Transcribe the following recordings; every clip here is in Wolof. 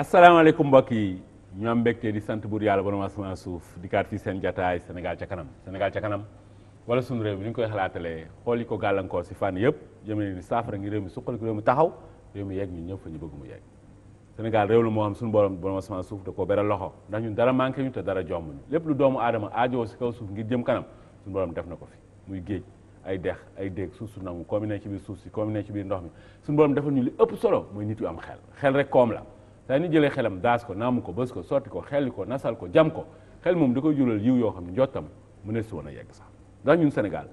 asalaamaaleykum mbokk yi ñu am mbégte di sant buur yàlla borom asamaan suuf di kaat fii seen jataay Sénégal ca kanam Sénégal ca kanam wala suñu réew mi nu ñu koy xalaatalee xool yi ko gàllankoor si fànn yëpp jëmale ni saafara ngi réew mi suqali taxaw réew mi ñëpp fa ñu mu yegg Sénégal réew la moo xam suñu borom borom asamaan suuf da koo beral loxo ndax ñun dara manqué ñu te jomb lépp lu doomu aadama aajoo si kaw suuf ngir jëm kanam borom def na ko fi muy géej ay dex ay déeg suuf su nangu combiné ci biir suuf si combiné ci biir ndox mi suñu borom defal ñu li ëpp solo mooy nit yu am xel xel rek koom la saa ni jëlee xelam daas ko naamu ko bës ko sotti ko xelli ko nasal ko jam ko xel moom da koy jural yiw yoo xam ne njottam mu ne si woon a yegg sax ndax ñun Sénégal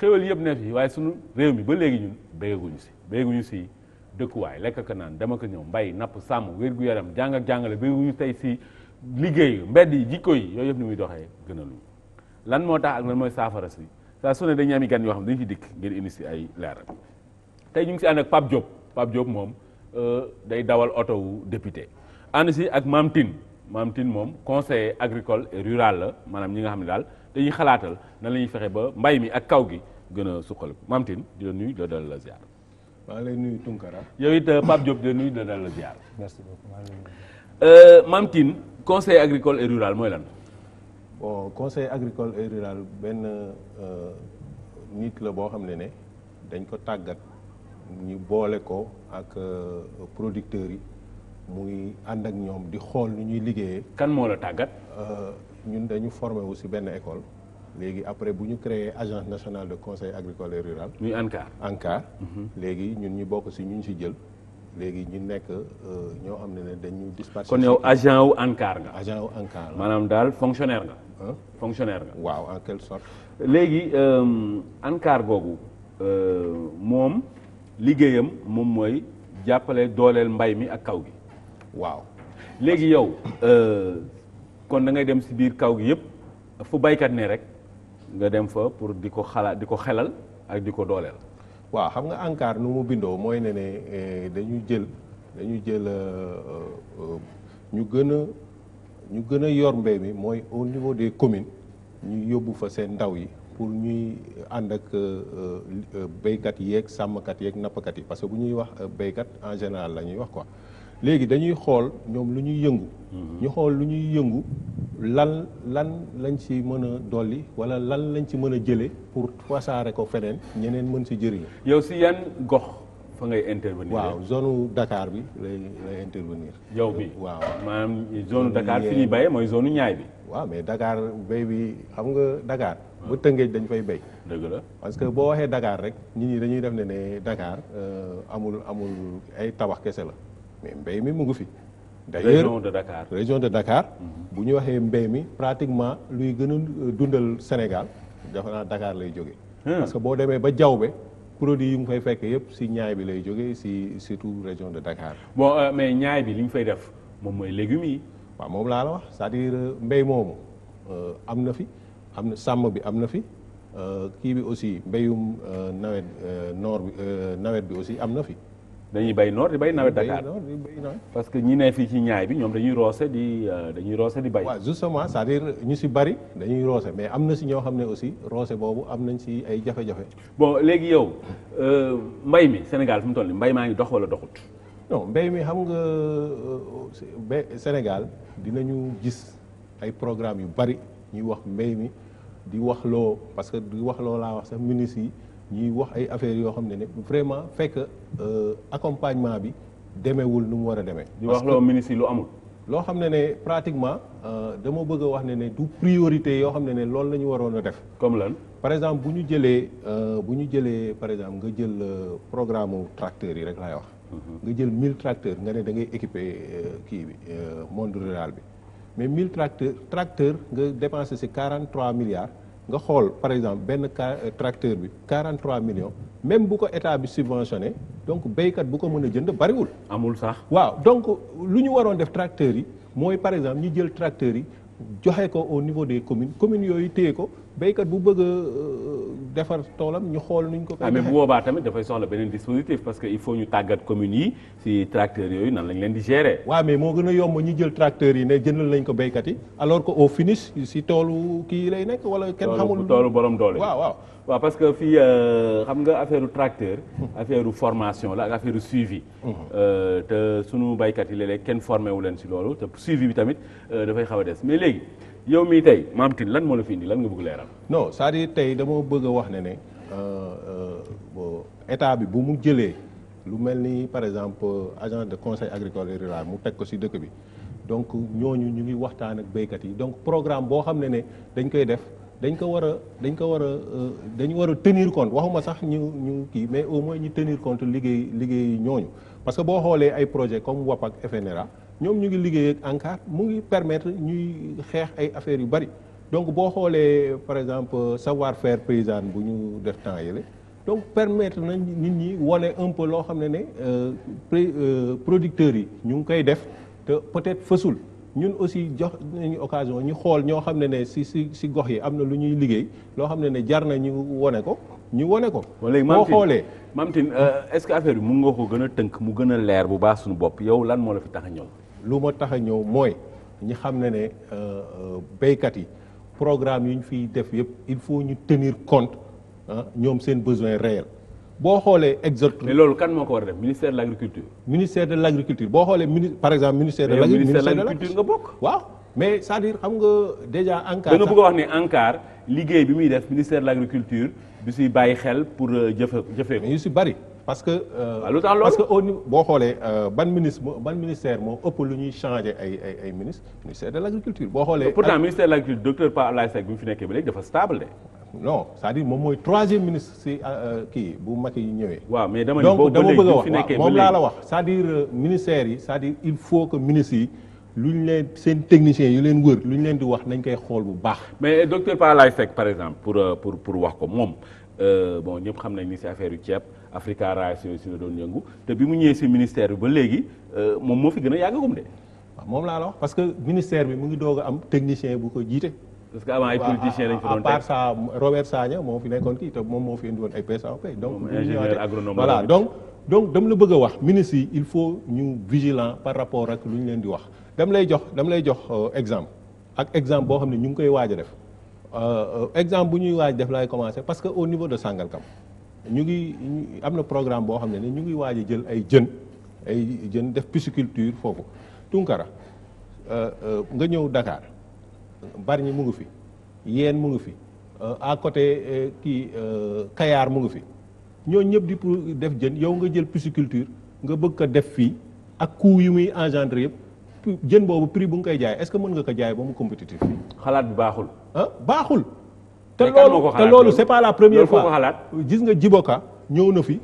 xéwal yëpp ne fi waaye sunu réew mi ba léegi ñun béyaguñu si béyaguñu si dëkkuwaay lekk ak naan dem ak ñëw mbay napp sàmm wér yaram jàng ak jàngale béyaguñu tey si liggéey mbedd yi jikko yooyu yëpp ni muy doxee gën lan moo tax ak lan mooy saafara si saa su ne dañuy am gan yoo xam ne dañu ci dikk ngir indi si ay leeral tey ñu ngi si ànd ak Pape Diop Pape Diop moom Euh, day dawal oto wu député ànd si ak Mame Tine moom conseil agricole et rural la maanaam ñi nga xam ne daal dañuy xalaatal nan la ñuy fexe ba mbay mi ak kaw gi gën a suqaliku Mame Tine di la nuyu la dal la ziar. maa ngi lay euh, euh, conseil agricole et rural mooy lan. bon conseil agricole et rural benn nit la boo xam ne ne dañ ko tàggat. ñu boole ko ak euh, producteurs yi muy ànd ak ñoom di xool nu ñuy liggéeyee. kan moo la tàggat. Euh, ñun dañu formé wu benn école léegi après bu ñu créer agence national de conseil agricole et rural. muy ANCAR ANCAR. Mhm. léegi ñun ñu bokk si ñu si jël. léegi ñu nekk euh, ñoo xam ne ne dañu dispatché. kon yow agent wu ANCAR nga. agent wu ANCAR la maanaam daal fonctionnaire nga. fonctionnaire waaw en quelle sorte. léegi ANCAR googu moom. liggéeyam moom mooy jàppale dooleel mbay mi ak kaw gi waaw léegi yow euh, kon dangay dem si biir kaw gi yëpp fu baykat ne rek nga dem fa pour di ko xalaat di ko xelal ak di ko dooleel waaw xam nga ANCAR nu mu bindoo mooy ne ne eh, dañu jël dañu jël euh, euh, ñu gën a ñu gën a yor mbay mi mooy au niveau des communes ñu yóbbu fa seen ndaw yi pour ñuy ànd ak euh, euh, béykat yeeg sàmmkat yeeg nappkat yi parce que bu ñuy wax euh, béykat en général la ñuy wax quoi léegi dañuy xool ñoom lu ñuy yëngu. Mhm. ñu xool lu ñuy yëngu lan lan lañ ci mën a dolli wala lan lañ ci mën a jëlee pour fasaare ko feneen ñeneen mën si jëriñu. yow si yan gox fa ngay intervenir. waaw zone dakaar bi lay lay intervenir. yow bi waaw maanaam zone Dakar fi ñuy béyee mooy zone ñaay bi. waaw mais Dakar béy bi xam nga Dakar. bu tëngéej dañ fay béy. dëgg la parce que boo waxee Dakar nit ñi dañuy def ne ne Dakar euh, amul amul ay tabax kese la mais mbéy mi mu fi. da région de dakaar région de Dakar. Mhm. bu ñu waxee mbéy mi pratiquement luy gën a euh, dundal Sénégal dafa naa Dakar lay jóge ah. parce que boo demee ba jawbe produit yi mu fay fekkee yëpp si ñaay bi lay jógee si surtout région de dakaar boo euh, mais ñaay bi li ñu fay def moom mooy légumes yi. waaw moom laa la wax c'est-à-dire moomu am na fi. am na sàmm bi am na fi euh, kii bi aussi mbéyum euh, nawet euh, noor bi nawet bi aussi am na fi. dañuy bay noor di bay nawet Dakar parce que ñi ne fii ci ñaay bi ñoom dañuy roose di dañuy di bay. waaw justement cest à ñu si bari dañuy roose mais am na si ñoo xam ne aussi roose boobu am nañ si ay jafe-jafe. bon léegi yow mbay mi Sénégal fi mu toll nii mbay maa ngi dox wala doxut. non mbay mi xam nga ba Sénégal dinañu gis ay programmes yu bari ñuy wax mbay mi. di wax loo parce que di wax loo laa wax sax ministre yi ñuy wax ay affaires yoo xam ne ne vraiment fekk euh, accompagnement bi demeewul nu mu war a demee. di wax loo ministre yi lu amul. loo xam ne ne pratiquement euh, dama bëgg a wax ne ne du priorité yoo xam ne ne loolu la ñu waroon a def. comme lan par exemple bu ñu jëlee euh, bu ñu jëlee par exemple nga jël programme mu tracteurs yi rek laay wax. Mhm. nga jël 1000 tracteurs nga ne da ngay équiper kii bi monde rural bi mais mille tracteurs tracteurs nga dépensé si 43 milliards. nga xool par exemple benn euh, tracteur bi 43 millions même bu ko état bi subventionné donc béykat bu ko mën a jënd bariwul. amul sax waaw donc lu ñu waroon def tracteurs yi mooy par exemple ñu jël tracteurs yi joxe ko au niveau des communes communes yooyu téye ko. béykat bu bëgg a euh, defar toolam ñu xool nuñ ko. koy ah, bu boobaa tamit dafay soxla beneen dispositif parce que il faut ñu tàggat communes yi si tracteurs yooyu nan lañ leen di gérer. waa mais moo gën a yomb ñu jël tracteurs yi ne jëndal nañ ko béykat yi alors que au finish si toolu kii lay nekk wala. kenn xamul toolu borom doole waaw waaw. waaw parce que fii euh, xam nga affaire tracteur. Hmm. affaire formation la ak affaire suivi. Hmm. Euh, te sunu béykat yi léeg kenn formé wu leen si loolu te suivi bi tamit dafay xaw a des mais léegi. yow mii tey maam Tine lan moo la fii indi lan nga bëgg leeral. non cest à tey dama bëgg wax ne ne euh, euh, état bi bu mu jëlee lu mel ni par exemple agent de conseil agricole et mu teg ko si dëkk bi donc ñooñu ñu ngi waxtaan ak béykat yi donc programme boo xam ne ne dañ koy def dañ ko war a dañ ko war a euh, dañu war a tenir compte waxuma sax ñu ñu kii mais au moins ñu tenir compte liggéey liggéey ñooñu parce que boo xoolee ay projet comme WAPAC FNRA ñoom ñu ngi liggéey ak mu ngi permettre ñuy xeex ay affaire yu bari donc boo xoolee par exemple savoir faire paysan bu ñu def temps yële donc permettre nañ nit ñi wane un loo xam ne ne euh, euh, producteurs yi ñu ngi koy def te peut-être fësul ñun aussi jox nañu occasion ñu xool ñoo xam ne ne si si si gox yi am na lu ñuy liggéey loo xam ne ne jar na ñu wane ko ñu wane ko. boo xoolee Mame Tine euh, est-ce que affaire bi mu nga ko gën a tënk mu gën a leer bu baax suñu bopp yow lan moo la fi tax a ñëw. lu ma tax a ñëw mooy ñi xam ne ne euh, euh, béykat yi programme yu ñu fiy def yëpp il faut ñu tenir compte ah ñoom seen besoin réel boo xoolee exode. loolu kan moo ko war a def ministère de l' agriculture. ministère de l' agriculture boo xoolee mini par exemple ministère. de l' nga bokk. waaw mais c' est dire xam nga déjà. ANCAR da nga bëgg wax ni ANCAR liggéey bi muy def ministère de l' agriculture du si bàyyi xel pour euh, jëfe jëfee ko. mais si bari. parce que. Euh, lu tax loolu parce que au niveau boo xoolee euh, ban ministre ban ministère moo ëpp lu ñuy changé ay ay ay ministre ministère de l' agriculture boo xoolee. pourtant ministère de l' agriculture docteur Pa Abdoulaye Seck bi mu fi nekkee ba léegi dafa stable de. non cest à moom mooy troisième ministre si euh, kii bu mag yi ñëwee. waaw mais dama donc dama bëgg a wax moom laa la wax saa à ministère yi cest à il faut que ministres yi. lu ñu leen seen techniciens yi leen wër lu ñu leen di wax nañ koy xool bu baax. mais docteur Pa Abdoulaye Seck par exemple pour pour pour wax ko moom bon ñëpp xam nañ ni affaire yu ceeb. Africa Rice yooyu si la doon yëngu te bi mu ñëwee si ministère bi ba léegi euh, moom moo fi gën a yàggagum de. moom laa la wax parce que ministère bi mu ngi doog am technicien bu ko jiite. parce que avant ay politiciens lañ fa doon moo fi nekkoon kii moom moo fi indi woon ay PSAP. donc ingénieur agronome voilà donc. donc la bëgg a wax ministre yi il faut ñu vigilant par rapport ak lu ñu leen di wax dama lay jox dama lay jox euh, exemple ak exemple boo xam ne ñu ngi koy waaj a def euh, exemple bu ñuy def laay commencer parce que au niveau de Sangalkam ñu ngi am na programme boo xam ne ñu ngi waaj a jël ay jën ay jën def pisciculture foofu Tunkara euh, euh, nga ñëw dakaar Bargny mu ngi fi Yène mu ngi fi euh, à côté kii Kayar mu ngi fi ñooñu ñëpp di pour def jën yow nga jël pisciculture nga bëgg ko def fii ak coût yu muy engendré yëpp jën boobu prix bu nga koy jaay est-ce que mën nga ko jaay ba mu compétitif fii. xalaat bi baaxul. Ah, baaxul. te loolu te loolu c'est pas la première fois xalaat gis nga Djiboka ñëw na fi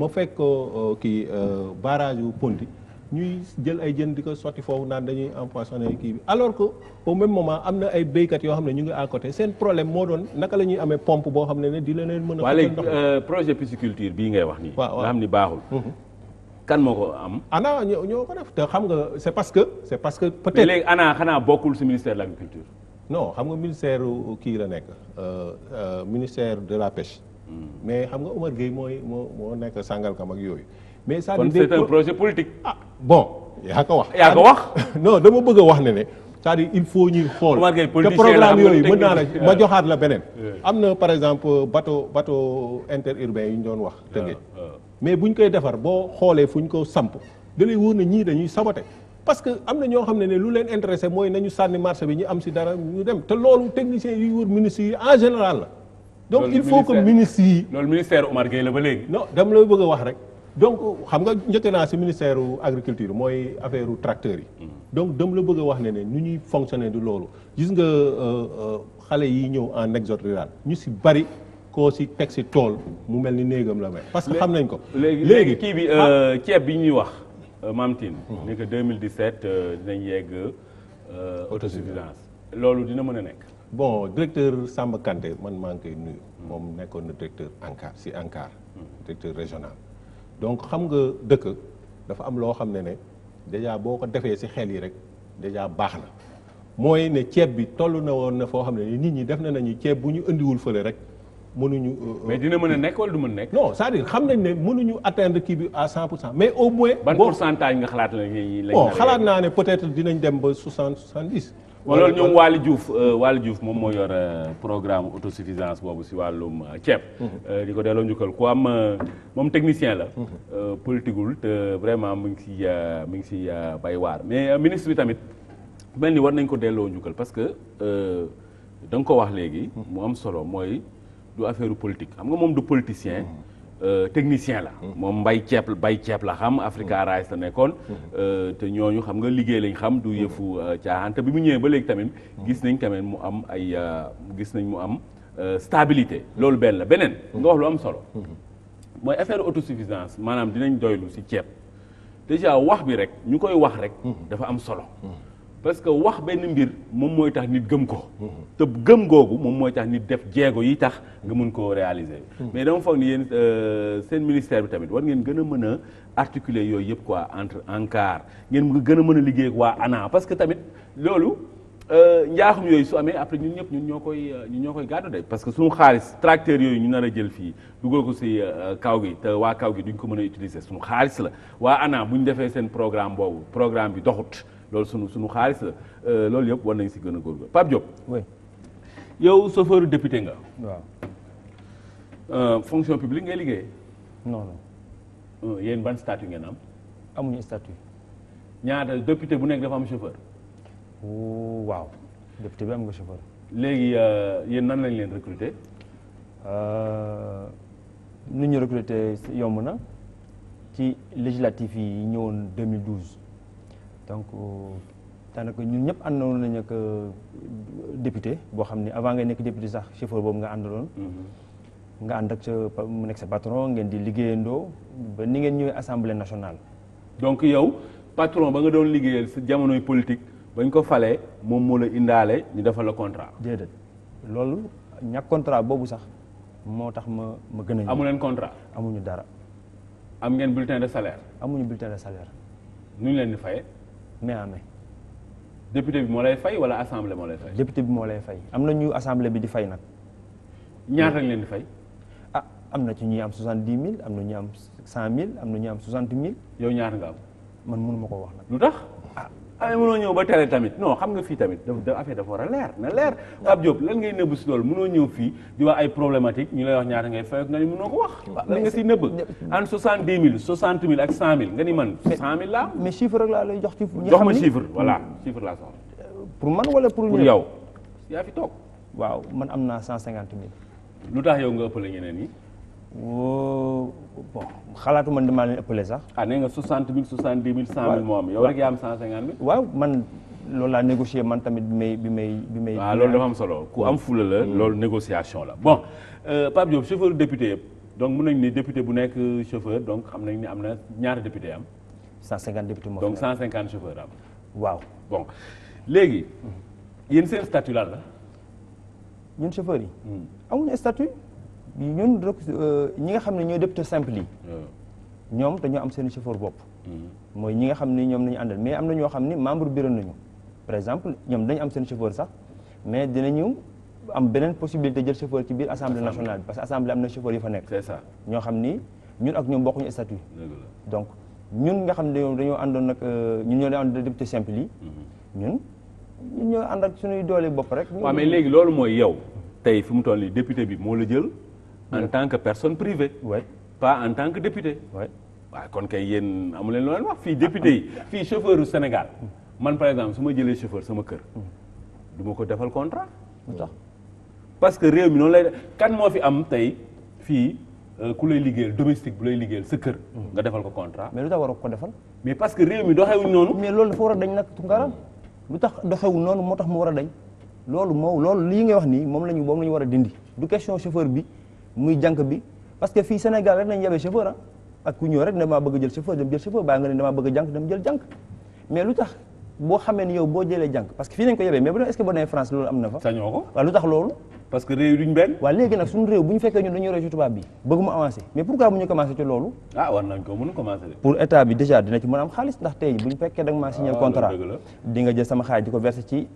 ma fekk euh, kii euh, barrage yu Ponti ñuy jël ay jën di ko sotti foofu naan dañuy empoisonné kii bi alors que au même moment am na ay béykat yoo xam ne ñu ngi à côté seen problème moo doon naka la ñuy amee pompe boo xam ne ne di la leen mën a waaw léegi euh, projet pisciculture bii ngay wax nii nga xam ni baaxul mhm. kan moo ko am ana ñoo ko def te xam nga c'est parce que c'est parce que peut-être léegi ana xanaa bokkul non xam nga ministère kii la nekk euh, euh, ministère de la pêche. Hmm. mais xam nga Omar Gueye mooy moo moo nekk Sangalkam ak yooyu. mais ça kon c'est projet politique. ah bon yaa wax. Ah, wax non dama bëgg wax ne ne. cest il faut ñuy xool te programme yooyu mën naa la ma joxaat la beneen. am na par exemple bateau bateau interurbain yi ñu doon wax. tëggee mais bu ñu koy defar boo xoolee fu ñu ko samp da lay wóor ñii dañuy sabote. parce que am na ñoo xam ne ne lu leen intéressé mooy nañu sànni marché bi ñu am si dara ñu dem te loolu techniciens yi wër ministres yi en général la donc il faut que ministres yi loolu ministère Omar Gueye la ba léegi non dama bëgg a wax rek donc xam nga njëkk naa si ministère agriculture mooy affaire tracteur yi hmm. donc dama la bëgg a wax ne ne nu ñuy fonctionner du loolu gis nga euh, euh, xale yi ñëw en exode rural ñu si bari koo si teg si tool mu mel ni néegam la may parce que xam nañ ko léegi léegi kii bi ah euh, ceeb bi ñuy wax Euh, Mame Tine mhm. ni que 2017 euh, dinañ yegg euh, autosuffisance loolu dina mën a nekk bon directeur Samba Kanté man maa ngi koy nuyu moom nekkoon na directeur ANCAR si ANCAR mhm. directeur régional donc xam nga dëkk dafa am loo xam ne ne déjà boo ko defee si xel yi rek déjà baax na mooy ne ceeb bi tollu na woon na foo xam ne nit ñi def na nañu ceeb bu ñu indiwul fële rek mënuñu. Euh, euh, mais dina mën a nekk wala du mën nekk. non c'est-à-dire xam nañ ne mënuñu atteindre kii bi à 100 pour mais au moins. ban pourcentage nga xalaat la ñuy. bon xalaat naa ne peut-être dinañ dem ba 60 70. wala loolu ñoom Waly Diouf euh, Waly Diouf moom moo yor programme autosuffisance boobu si wàllum ceeb. Mhm. di ko delloo njukkal ku am moom technicien la. Mhm. politigul te vraiment mu ngi si mu ngi si bay waar mais ministre bi tamit mel ni war nañ ko delloo njukkal parce que da nga ko wax léegi. Mhm. am solo mooy. du affaire politique xam nga moom du politicien. Mmh. Euh, technicien la. Mmh. moom mbay ceeb bay ceeb la xam. Africa mmh. Rice la nekkoon. Euh, te ñooñu xam nga liggéey lañ xam du yëfu euh, caaxaan te bi mu ñëwee ba léegi tamit. gis nañ tamit mu am ay gis nañ mu am stabilité. loolu benn la beneen. nga wax lu am solo. mooy affaire autosuffisance maanaam dinañ doylu ci ceeb déjà wax bi rek ñu koy wax rek. dafa am solo. parce que wax benn mbir moom mooy tax nit gëm ko te gëm googu moom mooy tax nit def jeego yi tax nga mën koo réaliser mais dama foog ni yéen euh, seen ministère bi tamit war ngeen gën a mën a articuler yooyu yëpp quoi entre ANCAR ngeen gën a mën a liggéey ak waa ANA parce que tamit loolu euh, njaaxum yooyu su amee après ñun ñëpp ñun ñoo koy euh, ñun ñoo koy de parce que suñu xaalis tracteur yooyu ñu nar a jël fii dugal ko si kaw gi te waa kaw gi duñ ko mën a utiliser suñu xaalis la waa ANA bu ñu defee seen programme boobu programme bi doxut loolu sunu sunu xaalis la euh, loolu yëpp war nañ si gën a góorgóorlu Pape Diop. oui yow chauffeur député nga. waaw. Euh, fonction publique ngay liggéey. non non. Euh, yéen ban statut ngeen am. amuñu statut. ñaata député bu nekk dafa am chauffeur. waaw député bi am nga chauffeur. léegi yéen nan lañ leen recruter. nu ñu recruter yomb na ci législative yi ñëwoon 2012. donc euh, daanaka ñun ñëpp àndaloon na ak euh, député boo xam ne avant ngay nekk député sax chauffeur boobu nga àndaloon. Mm-hmm. nga ànd ak sa mu nekk sa patron ngeen di liggéeyandoo ba ni ngeen ñëwee assemblée nationale. donc yow patron ba nga doon liggéeyal sa jamonoy politique bañ ko falee moom moo la indaale ñu defal la contrat. déedéet loolu ñàkk contrat boobu sax moo tax ma ma gën a. amu leen contrat amuñu dara. am ngeen bulletin de salaire. amuñu bulletin de salaire. nu ñu leen di fayee. main à main. député bi moo lay fay wala assemblée moo lay fay. député bi moo lay fay am na ñu assemblée bi di fay nag. ñaat lañ leen di fay. ah am na ci ñu am soixante dix mille am na ñu am cent mille am na ñu am soixante mille. yow ñaata nga am. man mënu ma ko wax nag. lu tax. ay mënoo ñëw ba télé tamit non xam nga fii tamit da affaire dafa war a leer na leer Pape Diop lan ngay nëbb si loolu mënoo ñëw fii di wax ay problématique ñu lay wax ñaata ngay fay ak nga ni mënoo ko soixante dix mille soixante mille ak cent mille nga ni man cent mille laa mais chiffre rek laa la jox ci jox ma chiffre voilà hmm. chiffre laa soxla euh, pour man wala pour pour yow yaa fi toog waaw man am naa cent cinquante mille lu tax yow nga ëppale ñeneen yi bon xalaatu man damaa leen ëppale sax. ah nee nga 60 000 70 000 100 000 moo am yow rek yaa am 150 waaw man loolu laa négocier man tamit bi may bi may bi may. waaw ah, loolu dafa am solo ku am fula la. Mm. loolu négociation la bon euh, Pape Diop chauffeur député yëpp donc mun nañ ni député bu nekk chauffeur donc xam nañ ni am na ñaari député am. 150 député moo donc 150 chauffeur am. waaw bon léegi mm. yéen seen statut lan la. ñun chauffeur yi. Mm. amuñu statut. ñun rek euh, ñi nga xam ne ñooy député simple yi. ñoom dañoo am seen chauffeur bopp. Mm-hmm. mooy ñi nga xam ni ñoom nañu àndal mais am na ñoo xam ni membre bureau nañu par exemple ñoom dañu am seen chauffeur sax mais dinañu am beneen possibilité jël chauffeur ci biir assemblée nationale bi parce que assemblée na chauffeur yi fa nekk. c'est ça ñoo xam ni ñun ak ñoom bokkuñu statut. donc ñun nga xam ne dañoo àndoon nag euh, ñun ñoo daan àndoon député simple yi. Mm-hmm. ñun ñun ñoo ànd ak suñuy doolee bopp rek. waaw amee léegi loolu mooy yow tey fi mu toll nii député bi moo la jël. en tant que personne privée. oui par en tant que député. oui waaw kon kay yéen amu leen loo leen fii député ah. fii chauffeur u man par exemple su ma jëlee chauffeur sama kër. Hmm. du ma ko defal contrat. parce que réew mi noonu lay def kan moo fi am tey fii euh, ku lay liggéeyal domestique bu lay liggéeyal sa kër. Hmm. defal ko contrat. mais lu tax ko defal. mais parce que réew mi doxewuñ noonu. mais loolu dafa war a dañ nag Tounkara lu tax doxewuñ noonu moo tax mu war a dañ. loolu moo loolu lii ngay wax nii moom la ñu moom la ñu war a dindi du question chauffeur bi. muy jànk bi parce que fii Sénégal rek nañ yabee chauffeur ah ak ku ñëw rek damaa bëgg jël chauffeur dem jël chauffeur baa nga ne damaa bëgg jànk dem jël jànk mais lu tax boo xamee ni yow boo jëlee jànk parce que fii nañ ko yebee mais bu dee est loolu am na fa sañoo lu tax loolu parce que réew duñ benn waaw léegi nag suñu réew bu ñu fekkee ñun dañuy roy ci tubaab bi bëgg mu mais ah, ko mën pour état am xaalis ah, ko versé ci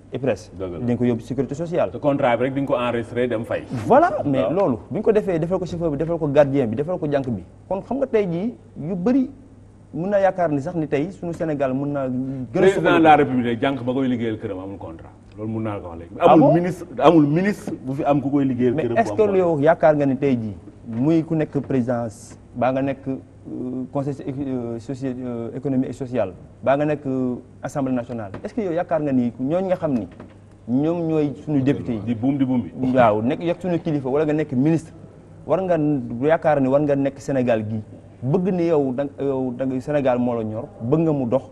ah. ko defee defal ko chauffeur bi defal ko gardien bi defal ko jànk bi kon xam nga tey jii yu bëri mun naa yaakaar ni sax ni tey suñu Sénégal mun naa. gën a président de la république jànq ba koy liggéeyal këram amul contrat loolu mun naa ko wax léegi. Ah amul ministre amul ministre bu fi am ku koy liggéeyal. këram mais est yaakaar nga ni tey jii muy ku nekk présidence baa nga nekk euh, conseil euh, soci euh, économique et social baa nga nekk assemblée nationale est-ce que yow yaakaar nga ni ñooñu nga xam ni ñoom ñooy suñu député yi. di buum di buum bi. waaw nekk yegg suñu kilifa wala nga nekk ministre war nga du yaakaar ni war nga nekk Sénégal gii. bëgg ni yow da yow da Sénégal moo la ñor bëgg nga mu dox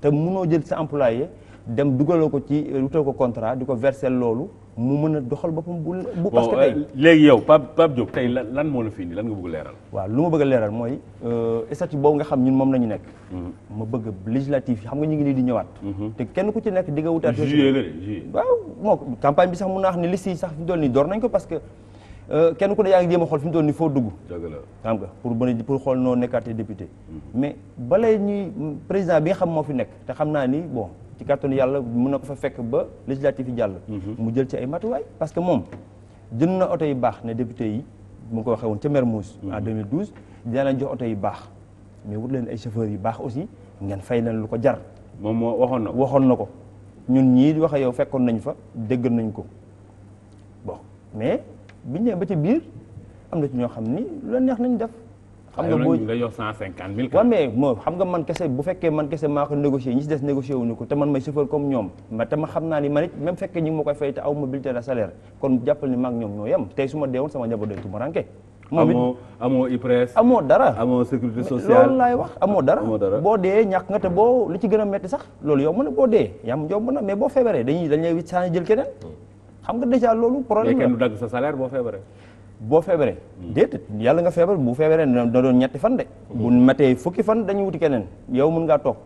te mënoo jël sa employé dem dugaloo ko ci wutal ko contrat di ko verser loolu mu mën a doxal boppam bu bu parce que tey euh, léegi yow Pape Pape Diop tey lan moo la fi indi lan nga bëgg leeral waaw lu ma bëgg a mooy euh, statut boobu xam ñun moom la nekk mhm. ma bëgg législatif yi xam nga ñu ngi nii di ñëwaat mhm. te kenn ku ci nekk di nga wutaat waaw moo campagne bi sax mun naa wax ne liste sax fi dool nii door nañ ko parce que Euh, kenn ku ne yaa ngi jéem a xool fi mu toll nii foo dugg. xam nga pour mën a pour xool noo nekkaatee député. Mm-hmm. mais balay ñuy président bi nga xam moo fi nekk te xam naa ni bon ci kàttanu yàlla mun na ko fa fekk ba législatif yi jàll. Mm-hmm. mu jël ci ay matuwaay parce que moom jënd na oto yu baax ne député yi mu ngi ko waxee woon ca Mermoz. en 2012 mm-hmm. dinaa leen jox oto yu baax mais wut leen ay chauffeurs yu baax aussi ngeen fay leen lu ko jar. moom moo waxoon na waxoon na ko ñun ñii di wax yow fekkoon nañ fa dégg nañ ko biñ nee ba ci biir am na ci ñoo xam ni lu neex nañ def. xam nga boo nga yor cent cinquante mille. waaw mais moo xam nga man kese bu fekkee man kese maa ko négocié ñi si des négocié wuñu ko te man may chauffeur comme ñoom ma te ma xam naa ni man it même fekkee ñu ngi koy fay te aw ma bulletin de salaire kon jàppal ni maag ñoom ñoo yem tey su ma deewoon sama njaboot day tumaranke moom it amoo dara amoo sécurité sociale loolu laay wax amoo dara. boo dee ñàkk nga te boo li ci gën a metti sax loolu yomb na boo dee yam yomb na mais boo feebaree dañ lay wicc saa jël xam nga déjà loolu problème la kenn du boo feebaree. boo feebaree. déedéet yàlla nga feebar bu feebaree na doon ñetti fan de. bu matee fukki fan dañuy wuti keneen yow mën ngaa toog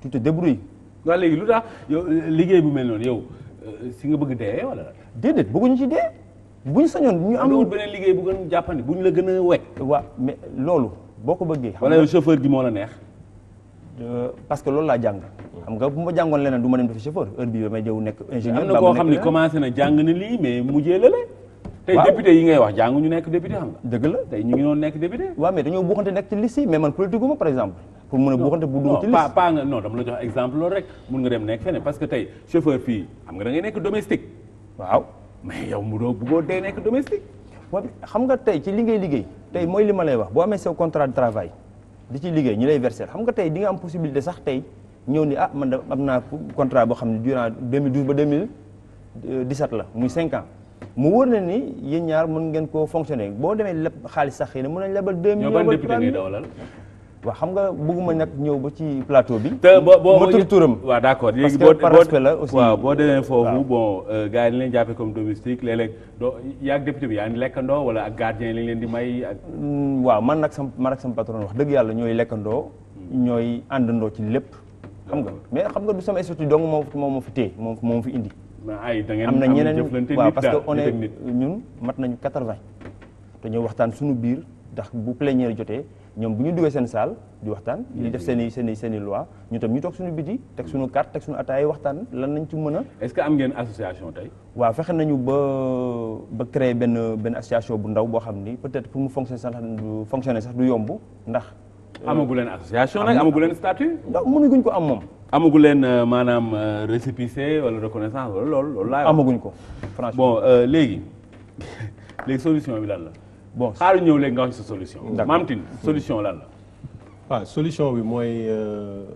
tu te débrouilles. waaw léegi lu tax yow liggéey bu mel noonu yow euh, si nga bëgg dee wala. déedéet bëgguñu ci dee. buñ sañoon ñu am loolu beneen liggéey bu gën jàppandi ñu la gën a wekk. waaw mais loolu boo ko bëggee. xam nga wala yow chauffeur gi moo la neex. Euh, parce que loolu laa jàng xam nga bu ma jàngoon leneen du ma dem defi chauffeur heure bii ba may jëw nekk ingénieur am na koo xam ne commencé wax jàngu ñu nekk député nga dëgg la tey ñu nekk député waaw mais dañoo buuxante nekk ci liste mais man politique ma par exemple pour mën a buuxante bu dugg nga non dama la jox exemple nga dem nekk feneen que tey fii xam nga da ngay nekk domestique mu doo bëggoo dee nekk domestique xam nga tey ci li ngay liggéey tey mooy li ma lay wax boo amee sa contrat de di ci liggéey ñu lay verser xam nga tey di nga am possibilité sax tey ñëw ni ah man da am naa contrat boo xam ne durant 2012 ba 2017 la muy 5 ans mu wóor na ni yéen ñaar mën ngeen koo fonctionner boo demee lépp xaalis sax xëy na mën nañ lebal 2 millions wala 3 millions waaw xam nga bëgguma nag ñëw ba ci plateau bi. te boo ma tur turam. waaw d' accord léegi boo parce que la aussi. waaw boo demee foofu bon euh, gars yi dañ leen jàppee comme domestique léeg-léeg doo yaa ak lekkandoo wala ak gardien lañ leen di may ak. Mm, waaw man nag sam man ak sam patron wax dëgg yàlla ñooy lekkandoo. Hmm. ñooy àndandoo ci lépp. xam nga mais xam nga du sama statut dong moo moo ma fi téye moo moo fi indi. am na ñeneen waaw parce que on est ñun mat nañu quatre-vingts. te ñoo waxtaan suñu biir ndax bu plénière jotee ñoom bu ñu duggee seen saal di waxtaan di def seeni i seen i seen i loi ñu tam ñu toog suñu biti teg suñu carte teg suñu ataay waxtaan lan nañ ci mën a est-ce que am ngeen association tey waaw fexe nañu ba ba créer benn benn association bu ndaw boo xam ni peut-être pour mu fonctionner sax du fonctionner sax du yomb ndax euh, amagu leen association nag amagu leen statut ndax mënuguñ ko am moom amagu leen euh, maanaam euh, récépissé wala reconnaissance wala loolu loolu laa amaguñ ko franchement bon léegi léegi solution bi lan la bon xaaral ñëw léegi nga wax ci sa solution. Maam Tine solution lan la. waaw solution bi mooy euh,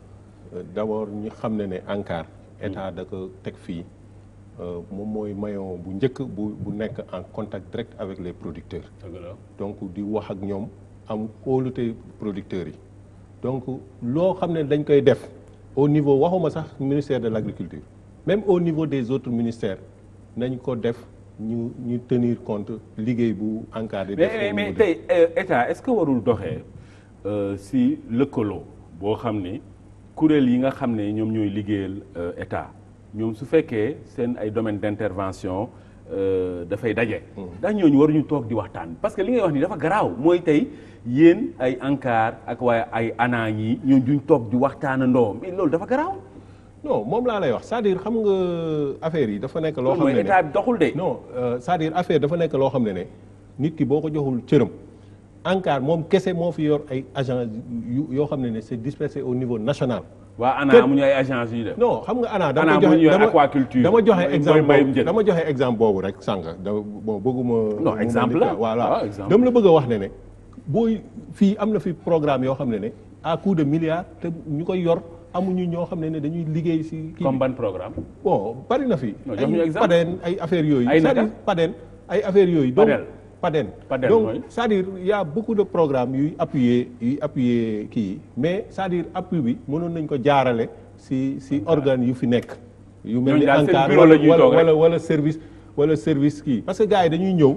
d'abord ñu xam ne ne ANCAR. état da ko teg fii euh, moom mooy maillon bu njëkk bu bu nekk en contact direct avec les producteurs. donc di wax ak ñoom am kóolute producteurs yi. donc loo xam ne dañ koy def au niveau waxuma sax ministère de l'agriculture même au niveau des autres ministères nañ ko def. ñu ñu tenir compte liggéey bu encadré. mais mais tey euh, état est-ce que warul doxee euh, si lëkkaloo boo xam ne kuréel yi nga xam ne ñoom ñooy liggéeyal euh, état ñoom su fekkee seen ay domaine d'intervention dafay daje. Mm. dañ ñooñu waruñu toog di waxtaan parce que li ngay wax ni dafa garaaw mooy tey yéen ay ANCAR ak waaye ay ANA yi ñooñu duñ toog di waxtaanandoo mais loolu dafa garaaw. non moom laa lay wax cest à xam nga affaire yi dafa nekk loo xam ne état bi de non euh, cest à dafa nekk loo xam ne ne nit ki boo ko joxul cëram ANCAR moom kese moo fi yor ay agence yu yoo xam ne ne c'est dispersé au niveau national waa ANA amuñu ay agence yu def non xam nga ANA dama joxe aquaculture dama joxe exemple dama joxe exemple boobu rek sànq da bon bëgguma non exemple la voilà ah, dama la bëgg wax ne ne booy fii am na fi programme yoo xam ne ne à coup de milliards te ñu koy yor amuñu ñoo xam ne ne dañuy liggéey si. kii comme ban programme. bon bari na fi. jox ñu exemple Paden ay affaires yooyu. ay naka Paden ay affaires yooyu. donc Paden donc c'est-à-dire beaucoup de programmes yuy appuyer yuy kii mais cest diir dire appui bi mënoon nañ ko jaarale si si organes yu fi nekk. yu mel ni ANCAR wala wala wala service wala service kii parce que gars yi dañuy ñëw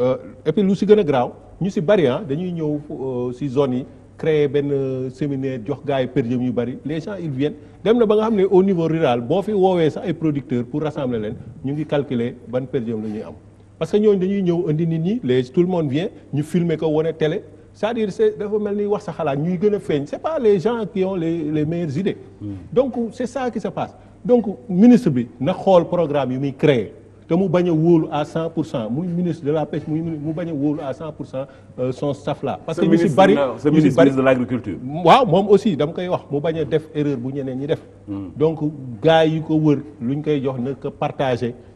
euh, et puis lu si gën a graaw ñu si bari ah, dañuy ñëw euh, si zone yi. créer benn séminaire jox gars yi per yu bari les gens ils viennent dem na ba nga xam ne au niveau rural boo fi woowee sax ay producteurs pour rassembler leen ñu ngi calculer ban per diem la ñuy am parce que ñooñu dañuy ñëw indi nit ñi les tout le monde vient ñu filmer ko wane télé c'est-à-dire c'est dafa mel ni wax sa xalaat ñuy gën a feeñ c'est pas les gens qui ont les les meilleures idées. Hmm. donc c'est ça qui se passe donc ministre bi na xool programme yi muy créer. te mu bañ wóolu à 100 pour cent muy ministre de la pêche muy mu bañ a wóolu à 100 pour cent euh, son staff là. parce que ñu si bari sa ministre de l' agriculture. waaw moom aussi dama koy wax mu bañ a def erreur bu ñeneen ñi def. Hmm. donc gars yi ko wër lu luñ koy jox na ko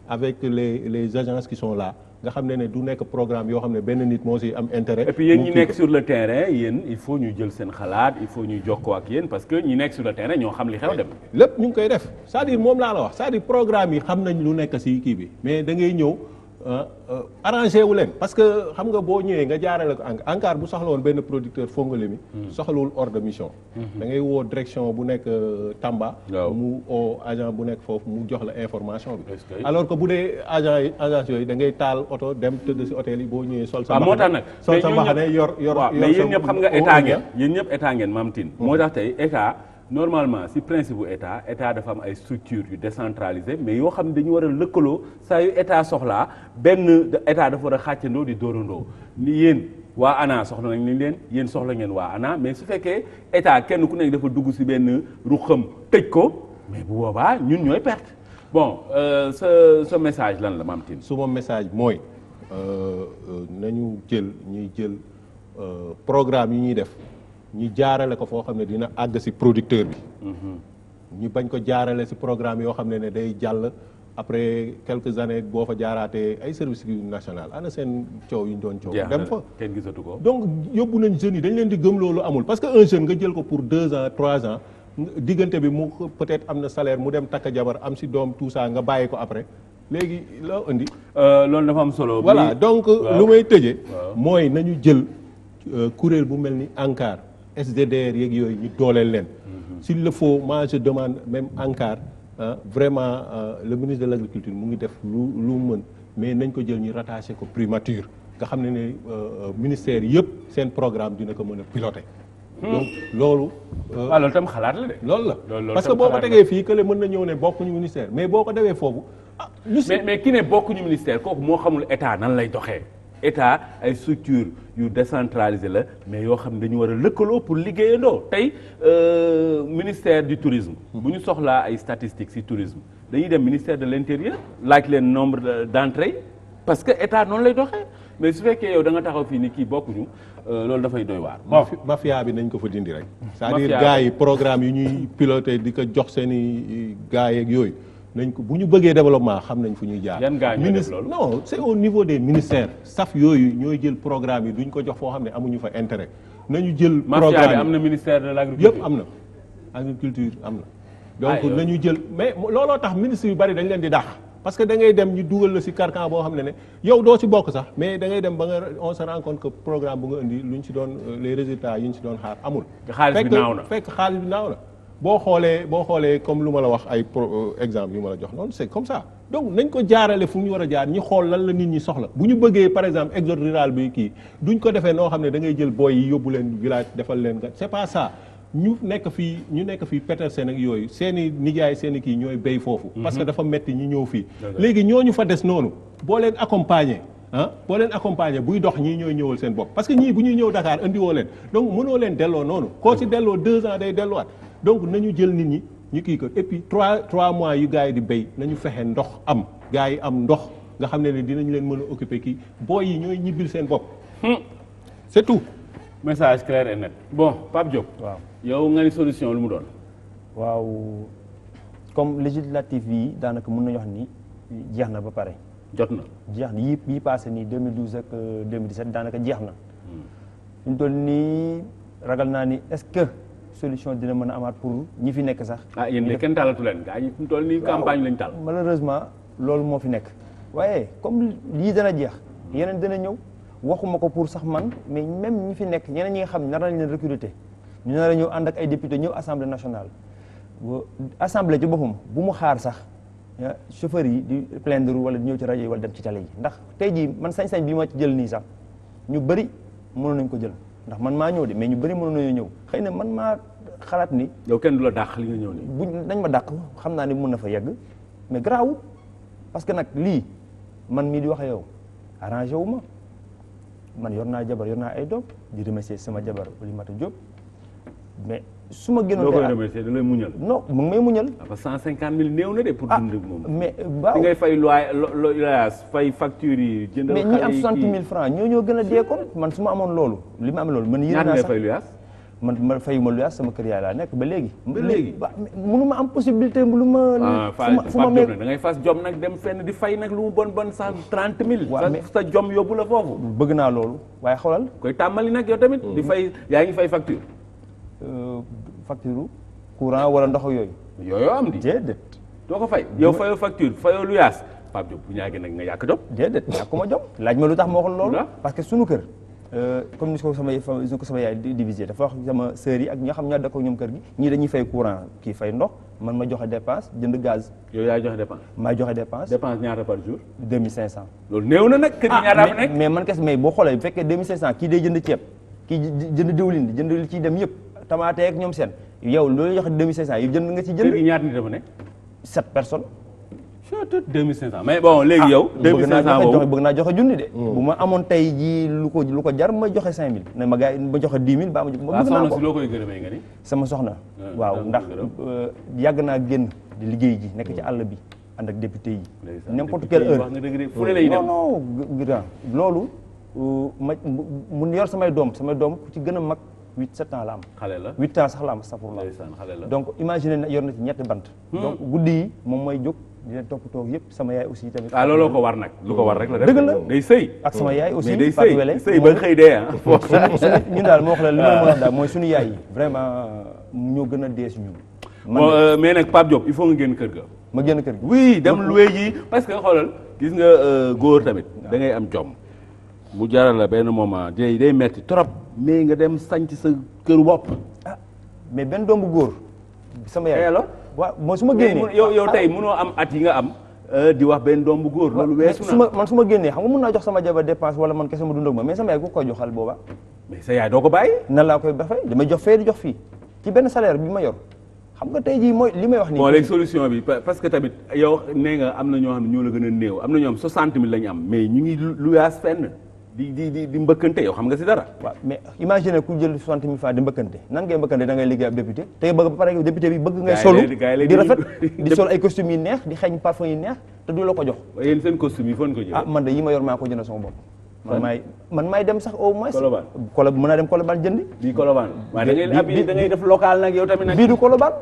avec les les agences qui sont là. nga xam ne ne du nekk programme yoo xam ne benn nit moo si am intérêt. et puis yéen ñi nekk sur le terrain yéen il faut ñu jël seen xalaat il faut ñu jokkoo ak yéen parce que ñi nekk sur le terrain ñoo xam li xew dem. lépp ñu ngi koy def cest à moom laa la wax cest à programme yi xam nañ lu nekk si kii bi mais dangay ngay ñëw Euh, euh, arrangé wu leen parce que xam nga boo ñëwee nga jaarale ko ANCAR bu soxla woon benn producteur Fongolemi mhm. soxlawul hors mission mhm. da ngay woo direction bu nekk euh, Tamba mu oo agent bu nekk foofu mu jox la information bi alors que bu dee agent agence yooyu da ngay taal oto dem tëdd si hôtel yi boo ñëwee sol sa ah, moo tax nag sol sa mbaxane yor yor mais yéen ñëpp xam nga état ngeen yéen ñëpp ngeen maam tin mhm. moo tax tey état normalement si principe bu état état dafa am ay structures yu décentralisées mais yoo xam ne dañu war a lëkkaloo saa yu état soxlaa benn état dafa war a xàccandoo di dóorandoo ni yéen waa ANA soxla nañ ni leen yéen soxla ngeen waa ANA mais su fekkee état kenn ku nekk dafa dugg si benn ruqam tëj ko mais bu boobaa ñun ñooy perte bon euh, sa sa message lan la Mame Tine suma message mooy euh, euh, nañu jël ñuy jël programme yi ñuy def ñu jaarale ko foo xam ne dina àgg si producteur bi mhm. ñu bañ ko jaarale si programme yoo xam ne ne day jàll après quelque années boo fa jaaraatee ay service national ana seen coow yu ñu doon coow dem fa kenn gisatu donc yóbbu nañ jeunes yi dañ leen di gëm loolu amul parce que un jeune nga jël ko pour deux ans trois ans diggante bi mu peut-être am na salaire mu dem takk jabar am si doom tout ça nga bàyyi ko après léegi loo indi euh, loolu dafa am solo voilà donc lu may tëjee mooy nañu jël euh, kuréel bu mel ni ANCAR SDDR yeeg yooyu ñu dooleel leen. s'il le faut moi je demande même ANCAR ah vraiment euh, le ministre de l' mu ngi def lu lu mën mais nañ ko jël ñu rattaché ko primature nga xam ne ne euh, euh, ministère yëpp seen programme dina ko mën a piloté. Hmm. loolu. waaw ah, loolu tam xalaat la de. loolu la parce boo ko tegee fii kële mën na ñëw ne bokkuñu ministère mais boo ko dewee foofu. Ah, mais mais ki ne bokkuñu ministère kooku moo xamul état nan lay doxee. état ay structure yu décentralisé la mais yoo xam ne dañu war a lëkkaloo pour liggéeyandoo tey euh, ministère du tourisme bu ñu soxlaa ay statistiques ci tourisme dañuy dem ministère de l'intérieur laaj leen nombre d'entrées parce que état noonu lay doxee mais su fekkee yow danga taxaw fii ni kii bokkuñu euh, loolu dafay doy waar. bon mafia bi nañ ko fa dindi rek. saa à dire gars yi programme yu ñuy piloté di ko jox seeni i euh, gars yeeg yooyu. nañ ko bu ñu bëggee développement xam nañ fu ñuy jaar. yan gaa ñoo def loolu non c' est au niveau des ministères. saf yooyu ñooy jël programme yi duñ ko jox foo xam ne amuñu fa intérêt. nañu jël programme yi am na ministère de l' agriculture yëpp am na. agriculture am na. donc jël mais looloo tax ministre yu bari dañ leen di dàq. parce que da ngay dem ñu dugal la ci carcan boo xam ne ne yow doo ci bokk sax mais dangay dem ba nga on se rend compte que programme bu nga indi luñ si doon euh, les résultats yuñ si doon xaar amul. fekk xaalis bi naaw na fekk xaalis bi naaw na. boo xoolee boo xoolee comme lu ma la wax ay pro euh, exemple yu ma la jox noonu c'est comme ça donc nañ ko jaarale fu ñu war a jaar ñi xool lan la nit ñi soxla bu ñu bëggee par exemple exode rural bi kii duñ ko defee noo xam ne da jël booy yi leen village defal leen nga c'est pas ça ñu nekk fii ñu nekk fii Petersen ak yooyu seen i nijaay seen i kii ñooy béy foofu. Mhm. parce que dafa metti ñu ñëw fii. léegi ñooñu fa des noonu boo leen accompagner. ah boo leen accompagner buy dox ñii ñëw ñëwal seen bopp parce que ñii bu ñuy ñëw Dakar indi woo leen donc mënoo leen delloo noonu. koo ci delloo deux ans day delluwaat. donc nañu jël nit ñi ñu kii ko et trois trois mois yu gars yi di béy nañu fexe ndox am gars yi am ndox nga xam ne ne dinañ leen mën a occuper kii booy yi ñooy ñibbil seen bopp hmm. c'est tout message clair et net bon Pape Diop waaw yow nga solution lu mu doon waaw comme législative yi daanaka mën nañu wax ni jeex na ba pare jot na jeex na yi yi passé nii 2012 ak 2017 euh, daanaka jeex na ñu hmm. toll nii ragal naa ni est-ce solution dina mën a amaat pour ñi fi nekk sax. ah yéen de kenn taalatu leen gars yi fi mu toll nii campagne lañ taal. malheureusement loolu moo fi nekk waaye comme lii dana jeex yeneen dana ñëw waxuma ko pour sax man mais même ñi fi nekk ñeneen ñi nga xam ne nar nañ leen récurité ñu nar a ñëw ànd ak ay député ñëw assemblée nationale. assemblée ci boppam bu mu xaar sax ah, chauffeur yi di plaindre wala ñëw ci rajo yi wala dem ci télé yi ndax tey jii man sañ-sañ bi ma ci jël nii ñu bëri mënoon nañ ko jël. ndax man maa ñëw de mais ñu bëri mënoon nañoo ñëw xëy na man maa xalaat ni. yow kenn du la dàq li nga ñëw nii. buñ dañ ma dàq xam naa ni mun na fa yegg mais garaawul parce que nag lii man mii di wax yow arrangé wu ma man yor naa jabar yor naa ay doom di remercier sama jabar mat a mais. su ma gënoon tey loo koy da lay muñal. non mu ngi may muñal. Ah, parce que 150000 néew na de pour ah, dund moom. mais baaw ngay fay loyaas fay facture yi. jëndal mais ñi am 60000 francs ñoo ñoo gën a dee ko man su ma amoon loolu. li ma am loolu man yéen naa sax fay man ma fayuma loyaas sama kër yaay laa nekk ba léegi. ba léegi ba mënu ma am possibilité lu ah, ma. fu ma mee da ngay fas jom nag dem fenn di fay nag lu mu bon bon cent trente mille. sa jom yóbbu la foofu. bëgg naa loolu waaye xoolal. koy tàmbali nag yow tamit. di mm. fay yaa ngi fay facture. Euh, facture courant wala ndox yooyu. yooyu am di déedéet. doo ko fay yow fayoo facture fayoo lu yaas Pape Diop bu ñaagee nag nga yàq jom. déedéet yàqu ma jom laaj ma lu tax ma waxul loolu. parce que sunu kër. Euh, comme ni ko sama ni ko sama yaay divisé dafa wax sama sœurs ak ñoo xam ñoo dëkk ak ñoom kër gi ñii dañuy fay courant kii fay ndox man ma joxe dépense jënd gaz. yow yaay joxe dépense. maa joxe dépense. dépense ñaata par jour. 2500. loolu néew na nag kër gi ah, nekk mais man kese may boo xoolee bu fekkee 2500 kii day jënd ceeb kii jënd diwlin jënd li ciy dem yëpp. tamaate ak ñoom seen yow loolu joxe deux mille cinq cent yu nga ci jënd. léegi ñaata nit dafa nekk. sept personnes. surtout deux mille cinq cent mais bon léegi yow. Ah, deux mille bëgg naa joxe junni de. Hmm. bu ma amoon tey jii lu ko lu ko jar ma joxe ma joxe dix mille ba ma bëgg naa ko soxna si koy gërëmee nga ni. sama soxna. Ah, waaw ndax euh, yàgg naa génn di liggéey ji nekk ci hmm. àll bi ànd ak député yi. n'importe quelle heure non non loolu euh, ma mu yor samay doom samay doom ku ci gën a mag huit sept ans la am. xale la huit ans sax la am astafurlah. xale la donc imaginer yor na ci ñetti bant. Hmm. donc guddi yi moom mooy jóg dina toppatoo yëpp sama yaay aussi tamit. ah ko war nag lu ko war rek la def. ak sama yaay aussi. day sëy sëy ba xëy dee ah. ñun moo wax la li mooy suñu yaay yi vraiment euh, ñoo gën a dee si ñun. man euh, mais nag Pape Diop il faut nga kër ga. ma génn kër ga dem luwe yi parce que xoolal gis nga euh, góor tamit da ngay am jom mu jaral la benn moment day day metti trop mais nga dem sanc sa kër bopp. ah mais benn doom bu góor. sama yaay alors waaw mooy su ma génnee yow yow tey mënoo am at yi nga am. Euh, di wax benn doom bu góor. loolu weesu na ma man su ma génnee xam nga mun naa jox sama jabar dépense wala man kese ma dund ak ma mais sama yaay ku koy joxal booba. mais sa yaay doo ko bàyyi. nan laa koy bafee damay jox fee di jox fii ci benn salaire bi ma yor. xam nga tey jii mooy li may wax nii. bon léegi solution bi parce que tamit yow nee nga am na ñoo xam ne ñoo la gën a néew am na ñoom 60 000 la ñu am mais ñu ngi luyaas fenn di di di di mbëkkante yow xam nga si dara. waaw mais imagine ku jël soixante mille francs di mbëkkante nan ngay mbëkkante da ngay liggéey ab député te bëgg ba pare député bi bëgg ngay solu di rafet di sol ay costume yi neex di xeeñ parfum yi neex te du la ko jox. ah man de yi ma yor maa ko jënd sama bopp. man dem sax au moins. Colobane Colo mën naa dem Colobane jëndi. bii Colobane. waaye da ngay da ngay def local nag yow tamit nag. bii du Colobane.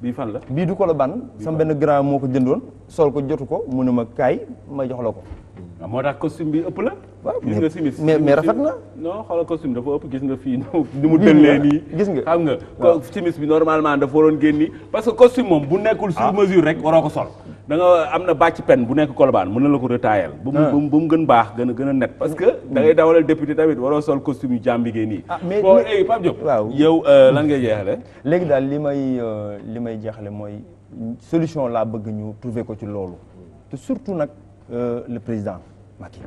bii fan la bii du Colobane. sama benn grand moo ko jëndoon. sol ko jotu ko mu a ma kaay may jox la ko waaw ah, moo tax costume bi ëpp la. waaw gis nga simis mais mais rafet na. non xoolal costume dafa ëpp gis nga fii ni mu tëllee nii. gis nga xam nga ko simis bi normalement dafa waroon génni parce que costume moom bu nekkul sur ah. mesure rek waroo ko sol. da nga am na bàcc pen bu nekk kolobaan mën na la ko retaayal. ba mu ah. ba gën baax gën a gën a net. parce que da ngay dawalal député tamit waroo sol costume yu jàmbigee nii. ah mais bon léegi eh, Pape Diop. waaw yow euh, lan ngay jeexale. léegi daal li may euh, li may jeexale mooy solution laa bëgg ñu trouver ko ci loolu te Euh, le président Macky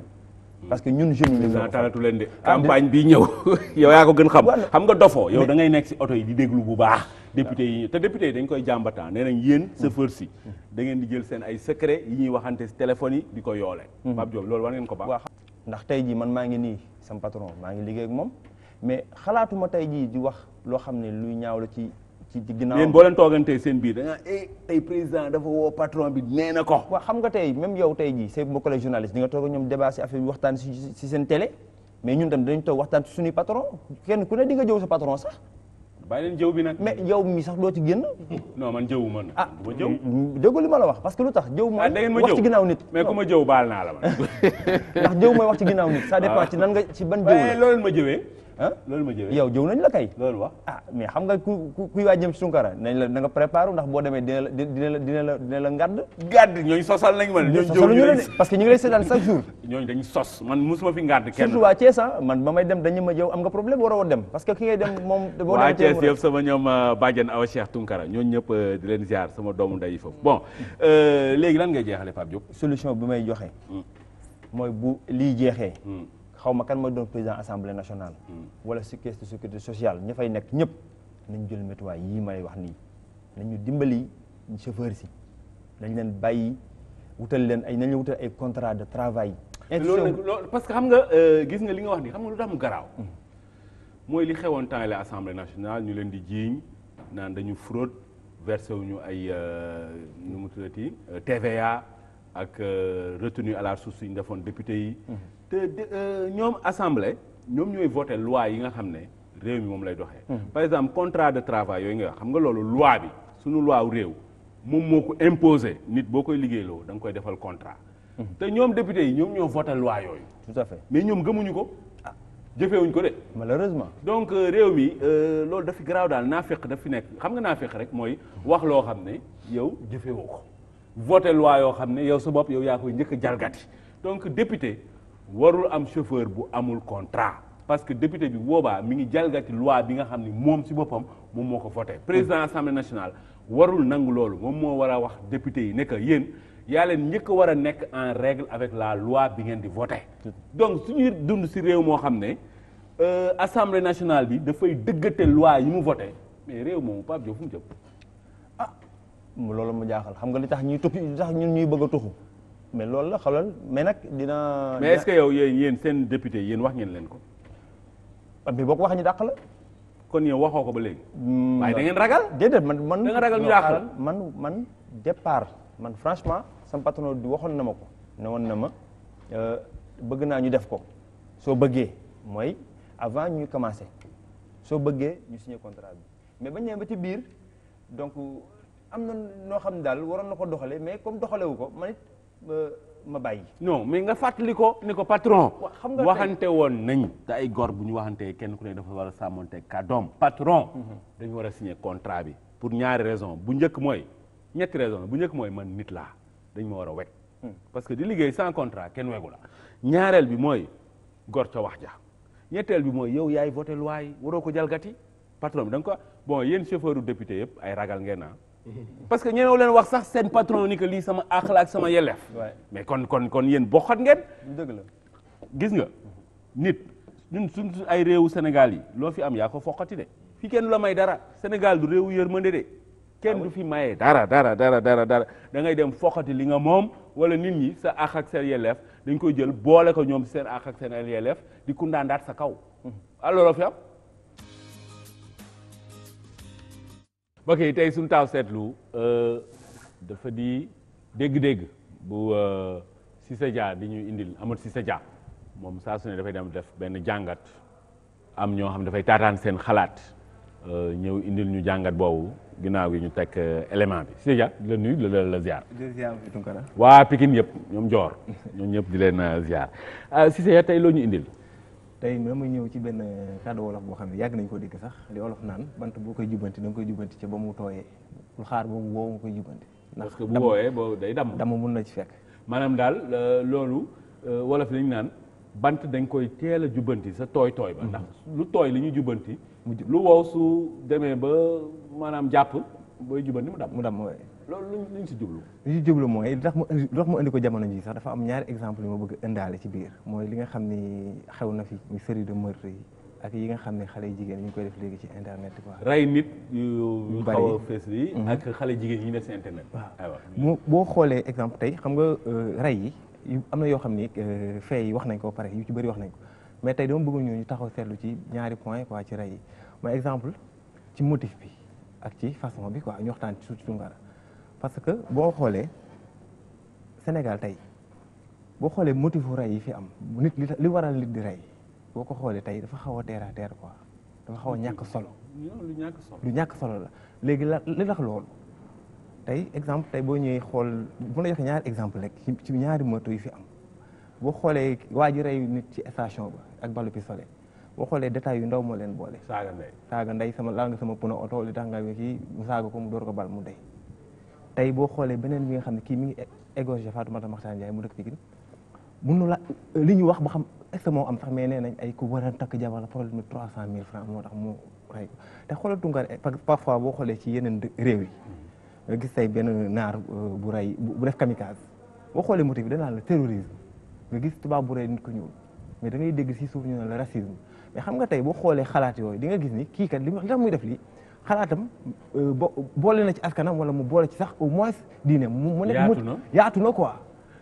parce que ñun jeunes yi. ñu talatu leen de ah, campagne bi ñëw yow yaa ko gën xam. xam nga dofoo yow da ngay nekk si oto yi di déglu bu baax. Ah. député yi te député yi dañ koy jàmbataan nee nañ yéen chauffeur si. da ngeen di jël seen ay secret yi ñuy waxante si téléphone yi di ko yoole. Hmm. Pape Diop loolu war ngeen ko baax. ndax tey jii man maa ngi nii sam patron maa ngi liggéey ak moom mais xalaatuma tey jii di wax loo xam ne luy ñaaw la ci. ci ci ginnaaw yéen boo leen toogantee seen biir da nga eh tey président dafa woo patron bi nee na ko. waaw xam nga tey même yow tey jii say ma collègue journaliste di nga toog ñoom débat si affaire bi waxtaan si si seen télé mais ñun tam dañu toog waxtaan si suñuy patron kenn ku ne di nga jëw sa patron sax. bàyyi leen jëw bi nag. mais jëw mi sax doo ci génn. non man jëwu man. ah jëw mm, déggu li ma la wax parce que lu tax jëw mooy. Ah, wax ci ginnaaw nit mais ku ma jëw baal naa la man. ndax jëw mooy wax ci ginnaaw nit. ça ah. nan nga ci ban eh, loolu ma jëwee. ah loolu ma jëwee yow jëw nañ la kay. loolu wax ah mais xam nga ku ku kuy waa jëm sunkara nañ la na nga préparé ndax boo demee dina la dina la dina la dina la ngàdd. ngàdd ñooñu sosal nañ ma ñooñu jëw que ñu ngi lay seetaan chaque jour. ñooñu sos man musuma fi ngàdd kenn. surtout waa Thiès ah man ba may dem dañ ma jëw am nga problème waroo dem parce que ki ngay dem moom. boo demee Thiès waa Thiès yëpp sama ñoom euh, Badiane Awa Cheikh Tunkara ñooñu ñëpp euh, di leen ziar sama doomu nday foofu bon euh, léegi lan ngay jeexale Pape Diop. solution bi may joxe hmm. mooy bu lii jeexee hmm. xaw ma kan mooy doon président assemblée nationale. Hmm. wala si caisse de sécurité sociale ña fay nekk ñëpp nañ jël métuwaay yii may wax nii nañu dimbali chauffeur si dañ leen bàyyi wutal leen ay nañu wutal ay contrat de travail. loolu parce que xam nga euh, gis nga li nga wax nii xam nga lu tax mu garaaw. Hmm. mooy li xewoon temps la assemblée nationale ñu leen di jiiñ naan dañu fraude versé ñu ay euh, nu mu tuddati euh, TVA. ak euh, retenue à la source yi defoon député yi. Mm-hmm. te euh, ñoom assemblée ñoom ñooy voté loi yi nga xam ne réew mi moom lay doxee. Mm-hmm. par exemple contrat de travail yooyu nga wax xam nga loolu loi bi suñu loi wu réew moom moo ko imposé nit boo koy liggéeyloo da nga koy defal contrat. Mm-hmm. te ñoom député yi ñoom ñoo voté loi yooyu. tout à mais ñoom gëmuñu ko. Ah. jëfeewuñ ko de. malheureusement. donc euh, réew mi loolu dafi garaaw daal naafeq daf fi nekk xam nga naa naafeq rek mooy wax loo xam ne yow jëfewoo ko. voté loi yoo xam ne yow sa bopp yow yaa koy njëkk a jalgati donc député warul am chauffeur bu amul contrat parce que député bi boobaa mi ngi jalgati loi bi nga xam ni moom si boppam moom moo ko voté président assemblée nationale warul nangu loolu moom moo war a wax député yi ne que yéen yaa leen njëkk war a nekk en règle avec la loi bi ngeen di voté donc suñuy dund si réew moo xam ne euh, assemblée nationale bi dafay dëggate loi yi mu voté mais réew moomu Pape Diop fu loolu mu jaaxal xam nga li tax ñuy tukki li ñuy bëgg a tuxu mais loolu la xalal mais nag dina. mais est yow yéen yéen seen député yéen wax ngeen leen ko. Ah, mais boo ko waxee ñu dàq la. kon yow waxoo ko ba léegi. Hmm, waaye da ngeen ragal. déedéet man man da nga ragal ñu man man départ man franchement sama patron di waxoon na ma ko ne woon na ma euh, bëgg naa ñu def ko soo bëggee mooy avant ñuy commencer soo bëggee ñu signer contrat bi mais bañ ne ba ci biir am na noo xam daal waroon na ko doxalee mais comme doxalewu ko man it ma bàyyi. non mais nga fàttali ko ni ko patron. xam nga waxante woon nañ te ay gor bu ñu waxantee kenn ku ne dafa war a sàmmonte kàddoom. patron. Mhm. dañu war a signer contrat bi. pour ñaari raison bu njëkk mooy ñetti raison bu njëkk mooy man nit laa dañ ma war a weg. Hmm. parce que di liggéey sans contrat kenn wegu la ñaareel bi mooy gor ca wax ja ñetteel bi mooy yow yaay voté loi yi waroo ko jalgati patron bi da nga ko bon yéen chauffeur député yëpp ay ragal ngeen parce que ñemewu leen wax sax seen patron ni que lii sama àq la ak sama yelleef mais kon kon kon yéen bokkat ngeen dëgg la gis nga nit ñun suñ ay réewu Sénégal yi loo fi am yaa ko foqati de fii kenn du la may dara Sénégal du réewu yërmande de kenn ah du fi maye dara dara dara dara dara da ngay dem foqati li nga moom wala nit ñi sa àq seen yelleef dañ koy jël boole ko ñoom seen àq seen yelleef di kundaandaat sa kaw mm-hmm. alors fi am mbokk yi tey suñu taaw seetlu euh, dafa di dégg-dégg bu euh, Cissé Dia di ñu indil Amadou Cissé Dia moom saa su dafay dem def benn jàngat am ñoo xam dafay taataan seen xalaat euh, ñëw indil ñu jàngat boobu ginnaaw gi ñu teg élément bi Cissé Dia di la nuyu la la ziar. waa Pikine yëpp ñoom joor ñoom ñëpp di leen ziar Cissé tey loo ñu indil. tey dama ñëw ci benn kàddu wolof boo xam ne yàgg nañ ko dégg sax li wolof naan bant boo koy jubbanti da nga koy jubanti ca ba mu tooyee lu xaar boobu woowu nga koy que bu wooyee boobu day damm damm mun na ci fekk. maanaam daal euh, loolu euh, wolof lañu naan bant dañ koy teel a jubanti sa tooy tooy ba. Mhm. ndax lu tooy li ñu jubanti. lu wow su demee ba maanaam jàpp booy jubanti mu damm mu damm loolu lu ñu si jublu. ñu jublu mooy ndax mu indi ndax mu indi ko jamono ji sax dafa am ñaari exemple yi ma bëgg indaale ci biir mooy li nga xam ni xew na fi muy série de meurtre yi ak yi nga xam ne xale jigéen ñu ngi koy def léegi ci internet quoi. rey nit yu xaw a fees yi xale jigéen yi def si internet. waaw boo xoolee exemple tey xam nga rey yi am na yoo xam ni fee yi wax nañ ko pare yu ci bëri wax nañ ko mais tey dama bëgg ñu taxaw seetlu ci ñaari point quoi ci rey yi mooy exemple ci motif bi ak ci façon bi quoi ñu waxtaan ci suuf parce que boo xoolee Sénégal tey boo xoolee motifu rey yi fi am nit li waral nit di rey boo ko xoolee tey dafa xaw a terre à terre dafa xaw a ñàkk solo. lu ñàkk solo la léegi la li tax loolu tey exemple tey boo ñëwee xool mën na joxe ñaari exemple rek ci ñaari moto yi fi am boo xoolee waa ji rey nit ci station ba ak balu pistolet boo xoolee détails yu ndaw moo leen boole. saaga ndey ndey sama laal nga sama pneu oto li tax nga kii mu saaga ko mu door ko bal mu dey. tey boo xoolee beneen bi nga xam ne kii mi ngi égorgé Fatoumata Makhtar Ndiaye mu dëkk Pikine mënu la li ñu wax ba xam est-ce que moo am sax mais nee nañ ay ku war a takk jabar la problème bi trois cent mille francs moo tax mu rey ko te xoolal Tounkara eh, boo xoolee ci yeneen réew yi nga gis tey benn euh, bu rey bu def kamikaze boo xoolee motif bi danaa la terrorisme nga gis tubaab bu rey nit ko ñuul mais da dégg si suuf ñu ne la racisme mais xam nga tey boo xoolee xalaat yooyu di nga gis ni kii kat li tax muy def lii xalaatam euh, bo boole na ci askanam wala mu boole ci sax au moins diine mu nekk yaatu na yaatu na quoi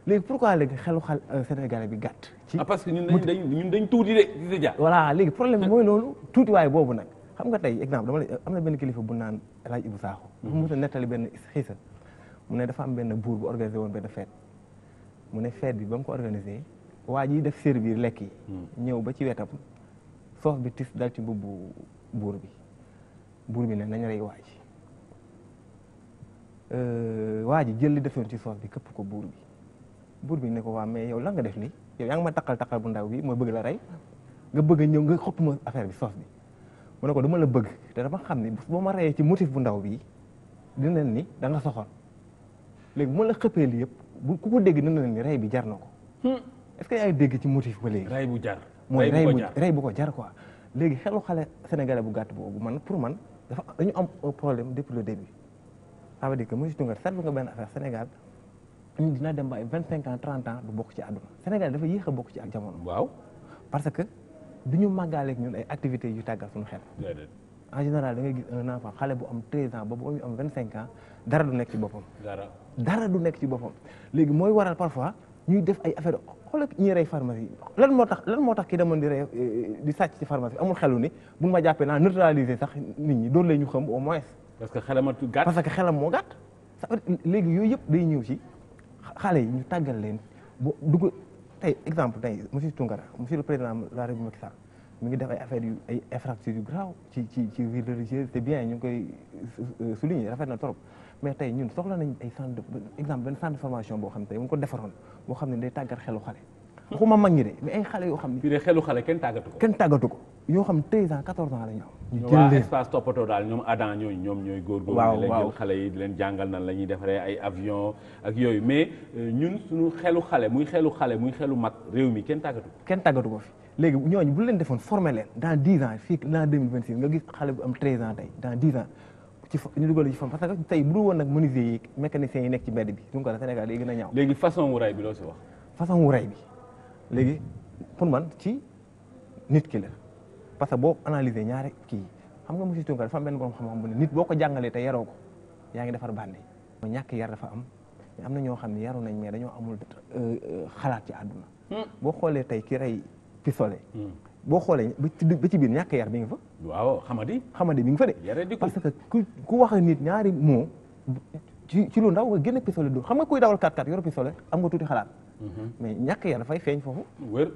léegi a léegi xelu xal euh, Sénégalais bi gàtt. ci ah, parce que ñun dañ ñun dañ tuuti de di léegi problème bi mooy loolu tuutiwaay boobu nag xam nga tey exemple dama am na benn kilifa bu naan El Hadj Ibou Sakho. Mhm. mu a nettali benn xiisa mu ne dafa am benn buur bu organisé woon benn fête mu ne fête bi ba ko organisé waa ji def servir lekk yi. Mhm. ñëw ba ci wetam soof bi tis dal ci mbubbu buur bi. buur bi ne nañ rey waa ji euh, waa ji jël li defoon ci soos bi këpp ko buur bi buur bi ne ko waa mais yow langa def ni yow yaa ngi ma taqal taqal bu ndaw bi mooy bëgg la rey nga bëgg a ñëw nga xottu ma affaire bi soos bi mu ne ko dama la bëgg te dama xam ni boo ma reyee ci motif bu ndaw bi dina ni da nga soxor léegi bu ma la xëppee li yëpp bu ku ko dégg dina ni rey bi jar na ko hmm. est-ce que yaa dégg ci motif ba léegi rey bu jar mooy rey bu ko jar quoi léegi xelu xale sénégalais bu gàtt boobu man pour man dafa dañu am problème depuis le début ça veut dire que monsieur Tounkara seetlu nga benn affaire Sénégal ñu dina dem ba ay vingt cinq ans trente du bokk ci àdduna Sénégal dafa yéex a bokk ci ak jamono. waaw parce que du ñu màggaaleeg ñun ay activité yu tàggal suñu xel. en général da ngay gis na enfant xale bu am treize ans ba bu am vingt cinq ans dara du nekk ci boppam. dara dara du nekk ci boppam léegi mooy waral parfois ñuy def ay affaire xoolal ñi rey pharmacie lan moo tax lan moo tax ki demoon di rey eh, eh, di sàcc ci pharmacie amul xelu ni bu ma jàppee naa neutraliser sax nit ñi door lay ñu xam au moins. parce que xelam gàtt parce que xelam moo gàtt. léegi yooyu yëpp day ñëw ci xale yi ñu tàggal leen bu dugg tey exemple tey monsieur Tounkara monsieur le président de la République Macky Sall mi ngi def ay affaires yu ay infractions yu grave ci ci ci vie religieuse c'est bien ñu ngi koy euh, souligner rafet na trop. mais tey ñun soxla nañ ay centre exemple benn centre formation boo xam ne tey mu ko defaroon boo xam ne day tàggat xelu xale waxuma xam ne fii xale kenn tàggatu ko kenn tàggatu ko am ñu toppatoo daal ñoom Adam ñooñu ñoom ñooy góorgóorlu leen jël xale leen jàngal nan la ñuy defaree ay avion ak yooyu mais euh, ñun suñu xelu xale muy xelu xale muy xelu mag réew mi kenn tàggatu ko kenn tàggatu ko fi léegi ñooñu bu leen defoon formé leen dans dix ans fii dans deux vingt six nga gis xale bu am treize ans tey dans dix ans ci ñu dugal ci fam parce que tey bu woon nag menuisier yi mécaniciens yi nekk ci mbedd bi su ko Sénégal day gën a ñaaw. léegi façon wuraay bi bi léegi pour man ci nit ki la parce que boo analyser ñaari kii xam nga monsieur Tounkara dafa am benn borom xam-xam bu ne nit boo ko jàngalee te yaroo ko yaa ngi defar bànde. ñàkk yar dafa am mais am na ñoo xam ne yaru nañ mais dañoo amul euh, euh, xalaat ci àdduna. Hmm. boo xoolee tey ki rey pistolet. Hmm. boo xoolee ba ci biir ñàkk yar mi ngi fa. waaw xamadi. xamadi mi ngi fa de. parce que ku ku wax nit ñaari moo ci ci lu ndaw nga génne pistolet du xam nga koy dawal 4x4 yor am nga tuuti xalaat. Mhm. mais ñàkk yar dafay feeñ foofu. wër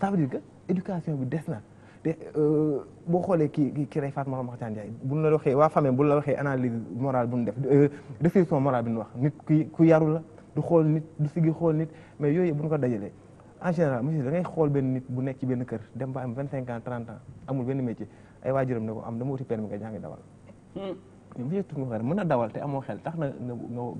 ça veut dire que éducation bi des na te euh, boo xoolee ki ki Ray Fatma Makhtar bu buñ la waxee waa famille buñ la waxee analyse morale bu ñu def réflexion euh, morale bi nu wax nit ku ku yarul la du xool nit du sigi xool nit mais yooyu buñ ko dajalee. en général monsieur da ngay xool benn nit bu nekk ci benn kër dem ba am vingt cinq ans trente ans amul benn métier ay waajuram ne ko am dama wuti permis nga jàngi dawal hmm. mais monsieur Touré mën na dawal te amoo xel tax na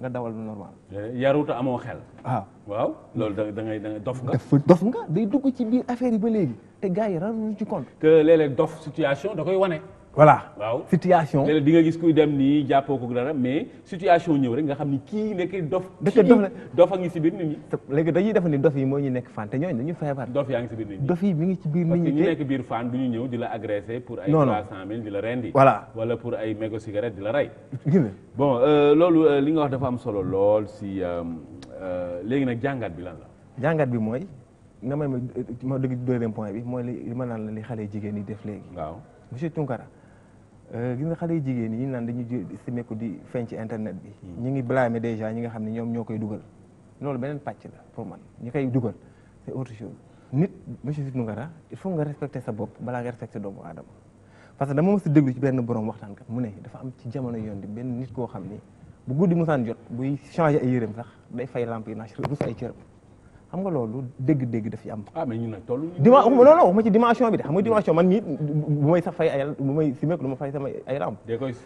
nga dawal lu normal eh, yaruta amoo xel waaw ah. waaw loolu da ngay da ngay dof nga dof nga day dugg ci biir affaire yi ba léegi te gars yi rarñu ci compte que léeg-léeg dof situation da koy wane voilà waaw situation léeg nga gis kuy dem nii jàppoo ko dara mais situation ñëw rek nga xam ni kii nekk dof dëkk dof la dof a ngi si biir nit léegi dañuy def ni dof yi mooy ñu nekk fan te ñooñu dañu feebar dof yaa ngi si biir yi mi ngi ci biir nit ñi ñu nekk biir fan di la agressé pour ay trois cent mille di la wala pour ay mégo cigarette di la rey bon euh, loolu euh, li nga wax dafa am solo lool si euh, léegi nag jàngat bi lan la jàngat bi mooy nga may ma dëgg deuxième point bi mooy li ma naan la li xale jigéen yi def léegi waaw monsieur Tounkara Euh, gis nga xale yu jigéen ñi ñu naan dañuy estimé ko di feeñ ci internet bi. Hmm. ñu ngi blâmer déjà ñi nga xam ne ñoom ñoo koy dugal. loolu beneen pàcc la pour man ñi koy dugal c'est autre chose nit monsieur Fit Nougara il faut nga respecter sa bopp balaa nga respecter doomu aadama. parce que dama mës a déglu ci benn borom waxtaankat mu ne dafa am ci jamono yoon di benn nit koo xam ni bu guddi musaan jot buy changer ay yéreem sax day fay lamp yi naaj rus ay cëram. xam nga loolu dégg-dégg daf ci am. ah mais ñun nag tollu dima non non waxuma ci dimension bi de xam nga dimension man nii sax fay ay bu may ma fay sama ay ram. de koy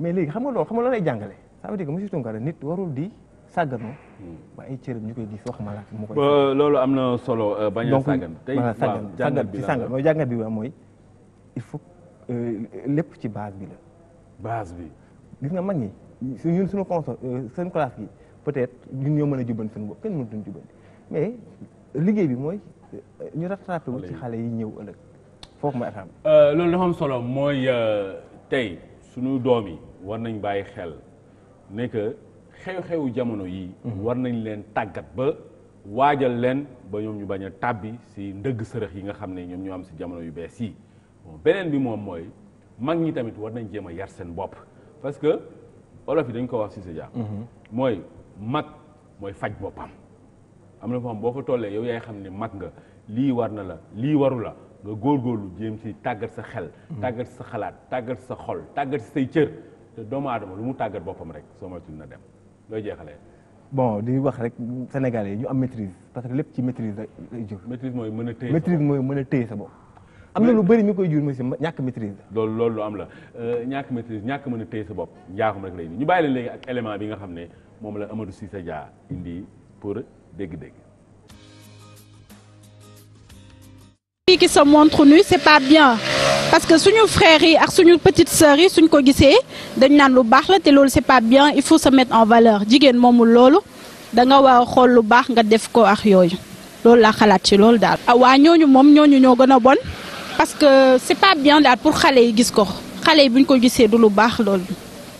mais léegi xam nga loolu xam nga loolu lay jàngale. ça veut nit warul di sàgganoo. Hmm. ba ay cërëm ñu koy gis ma la mu koy. loolu am na solo euh, bañ a sàggan. tey waaw jàngat bi la sàggan mooy jàngat bi mooy il euh, lépp ci base bi la. base bi. gis nga mag ñi su suñu constat euh, seen peut-être ñun ñoo mën a jubanti suñu bopp kenn mënatuñu jubanti mais liggéey bi mooy euh, ñu rattrapé wu ci xale yi ñëw ëllëg foofu mooy affaire euh, loolu dafa am solo mooy euh, tey suñu doom yi war nañ bàyyi xel ne que xew-xewu jamono yi mhm. war nañ leen tàggat ba waajal leen ba ñoom ñu bañ a tàbbi si ndëgg sërëx yi nga xam ne ñoom ñoo am si jamono yu bees yi bon beneen bi moom mooy mag ñi tamit war nañ jéem a yar seen bopp parce que olof yi dañ ko wax si sa jaar mhm. mooy mag mooy faj boppam am na foo boo fa tollee yow yaay xam ne mag nga lii war na la lii waru la nga góorgóorlu jéem si tàggat sa xel hmm. tàggat sa xalaat tàggat sa xol tàggat si say cër te doomu aadama lu mu tàggat boppam rek soo moytuwul na dem looy jeexale bon di wax rek yi ñu am maîtrise parce que lépp ci maîtrise lay jur maîtrise mooy mën a téye maîtrise mooy mën a téye sa bopp am na lu bëri mi koy jur monsieur ñàkk maîtrise loolu loolu lu am la euh, ñàkk maîtrise ñàkk mën a téye sa bopp njaaxum rek lay ñu bàyyi leen ak élément bi nga xam ne moom la Amadou Cissé Dia indi pour dégg montre nu c'est pas bien parce que suñu frères yi ak suñu petite sœurs yi suñ ko gisee dañ naan lu baax la te loolu c'est pas bien il faut se mettre en valeur jigéen moomul loolu da nga xool lu baax nga def ko ak yooyu loolu laa xalaat ci loolu daal. Ah, waa ñooñu moom ñooñu ñoo gën a bon parce que c'est pas bien daal pour xale yi gis ko xale yi buñ ko gisee du lu baax loolu.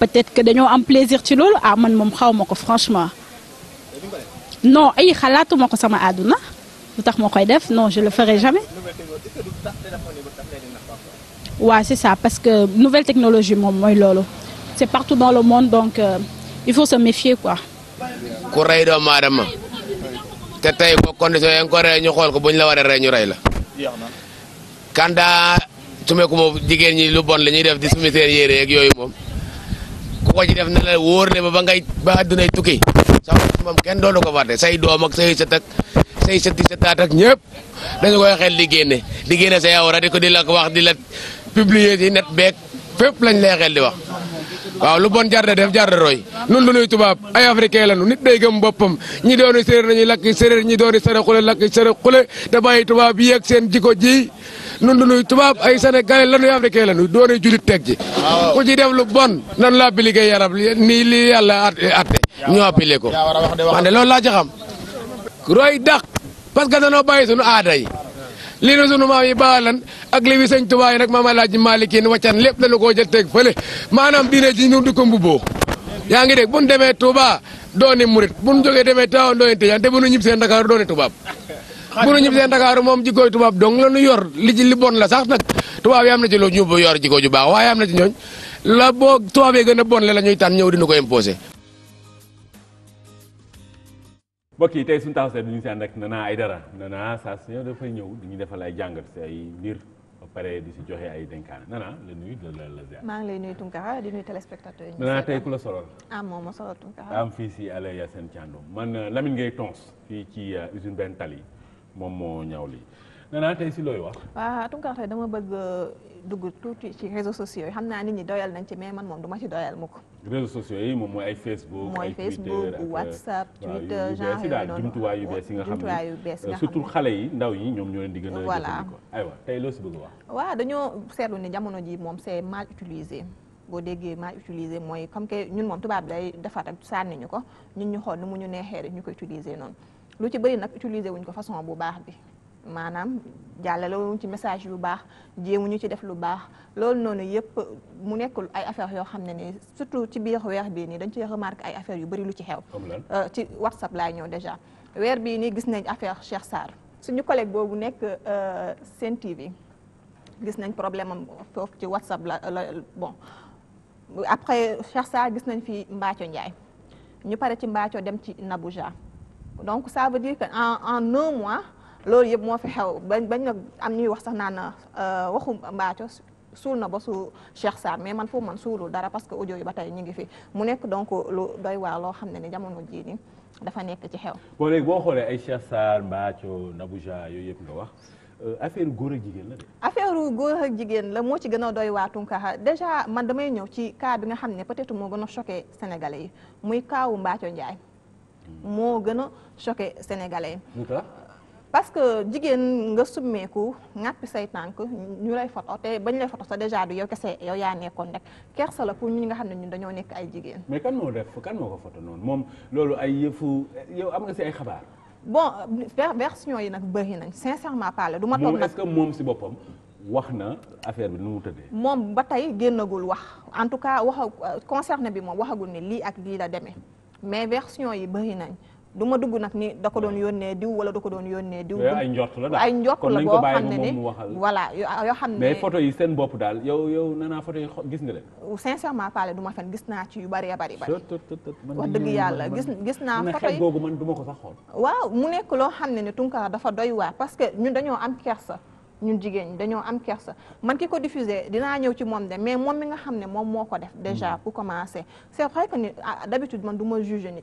peut-être que dañoo am plaisir ci loolu ah man moom xaw ma ko franchement non ay xalaatuma ko sama àdduna lu tax moo koy def non je le ferai jamais waaw c'est ça parce que nouvelle technologie moom mooy loolu c'est partout dans le monde donc euh, il faut se méfier quoi. ku rey doomu aadama te tey ko condition yi nga ñu xool ko bu ñu la waree rey ñu rey la. kanda su moom jigéen ñi lu bon la ñuy def di sumi yére ak yooyu moom. ku ko ci def ne la wóor ne ba ba ngay ba àddunay tukki sax moom kenn doonu ko fàtte say doom ak say sët ak say sëti sëtaat ak ñëpp dañu koy xel di génne di génne say awra ko di la ko wax di la publier ci net beeg fépp lañ lay xel di wax waaw lu bon jarde def jarde roy nun lu nuy tubaab ay africain lañu nit day gëm boppam ñi dooni séeréer nañuy lakk séeréer ñi dooni saraxule lakk saraxule te bàyyi tubaab yi ak seen jikko ji nun du nuy tubaab ay sénégalais lanuy africain lanu doonay julit teg ji ku ci def lu bon nan laa bi liggéey yarab nii lii yàlla atte ñoo appelé ko man de loolu laa ci xam roy dàq parce que danoo bàyyi sunu aada yi lii na sunu maam yi baalan ak li wi sëñ tubaab yi nag maam alaaji maalik yi waccan lépp dañu koo jël teg fële maanaam diine ji ñu di ko mbubboo yaa ngi dégg bu ñu demee Touba dooni murit bu ñu jógee demee Tivaouane dooni tijaan te bu ñu ñib seen Dakar dooni tubaab bu nu ñibbisee Ndakaaru moom jikkooy tubaab dong la nu yor li ci li bon la sax nag tubaab yi na ci loolu ñu yor jikkoo ju baax am na ci ñooñ la boo tubaab yi gën a bon la ñuy tànn ñëw dina ko imposé mbokk yi tey suñu taxaw ñu ngi si Nana Aidara Nana saa su ñëw ñëw di ñu defal ay jàngat si ay mbir ba pare di si joxe ay dénkaan Nana la nuyu de la la ziar. maa ngi lay nuyu Tunkara di tey ku la solol ah, am fii si Alaye seen Thiandoum man Lamine ngay tons fii ci euh, usine benn tali moom moo ñaaw lii nee tey si looy wax. waaw Tunkar tey dama bëgg dugg tuuti ci réseaux sociaux yi xam naa nit ñi doyal nañ ci mais man moom du ma ci doyal mukk. réseaux sociaux yi moom mooy ay Facebook. ay Twitter ak WhatsApp Twitter genre yooyu noonu jumtuwaay yu bees yi surtout xale yi ndaw yi ñoom ñoo leen di gën a. voilà aywa tey loo si wax. waaw dañoo seetlu ne jamono ji moom c'est mal utilisé. boo déggee maa utiliser mooy comme que ñun moom tubaab day defar rek sànni ñu ko ñun ñu xool nu mu ñu neexee rek ñu ko utiliser noonu. lu ci bari nag utiliser wuñ ko façon bu baax bi maanaam jàllale wuñ ci message yu baax jéem ñu ci def lu baax loolu noonu yëpp mu nekkul ay affaire yoo xam ne ni surtout ci biir weer bii nii dañ ci remarqué ay affaire yu bëri lu ci xew euh, ci whatsapp laay ñëw déjà weer bii nii gis nañ affaire Cheikh Sarr suñu collègue boobu nekk euh, Sen TV gis nañ problème am foofu ci whatsapp la bon après Cheikh Sarr gis nañ fi Mbathio Ndiaye ñu pare ci Mbathio dem ci Nabouja donc ça veut dire que en en un mois loolu yëpp moo fi xew bañ bañ nag am ñuy wax sax naan euh, waxu mbaaco suul na ba su Cheikh Sarr mais man pour man suulul dara parce que audio yi ba tey ñu ngi fi mu nekk donc lu doy waalo xam ne ne jamono jii nii dafa nekk ci xew. bon boo xoolee ay Cheikh Sarr mbaaco Nabouja yooyu yëpp nga wax. Euh, affaire góor ak jigéen la de. affaire góor ak jigéen la moo ci gën a doy waa Tunkara déjà man damay ñëw ci cas bi nga xam ne peut-être moo gën a choqué sénégalais muy kaawu Mbathio Ndiaye. moo gën a choqué sénégalais yi parce que jigéen nga summeeku ŋàppi say tànk ñu lay foto te bañ lay foto sa déjà du yow kese yow yaa nekkoon rek kersa la pour ñi nga xam ne ñun dañoo nekk ay jigéen. mais kan moo def kan foto noonu moom loolu ay yëfu yow am nga si ay xabaar. bon version yi nag bëri nañ sincèrement parler du ma toog nag que moom si boppam. wax na affaire bi nu mu tëddee. moom ba tey génnagul wax en tout cas wax euh, concerné bi moom waxagul ne lii ak lii la demee. mais version yi bëri nañ du ma dugg nag ni da ko doon yónnee diw wala da ko doon yónnee diw. ay njort la daal ay njort la boo xam ne ni voilà yoo xam mais photo yi seen bopp daal yow yow nee naa yi gis nga leen. sincèrement parler du ma fen gis naa ci yu bari bari bari. wax dëgg yàlla gis gis naa. photo yi googu man du ma ko sax xool. waaw mu nekk loo xam ne ne Tunkara dafa doy waar parce que ñun dañoo am kersa. ñun jigéen ñi dañoo am kersa man ki ko diffusé dinaa ñëw ci moom de mais moom mi nga xam ne moom moo ko def déjà mm. pour commencer c'est vrai que ni ah, d'habitude man du ma juger nit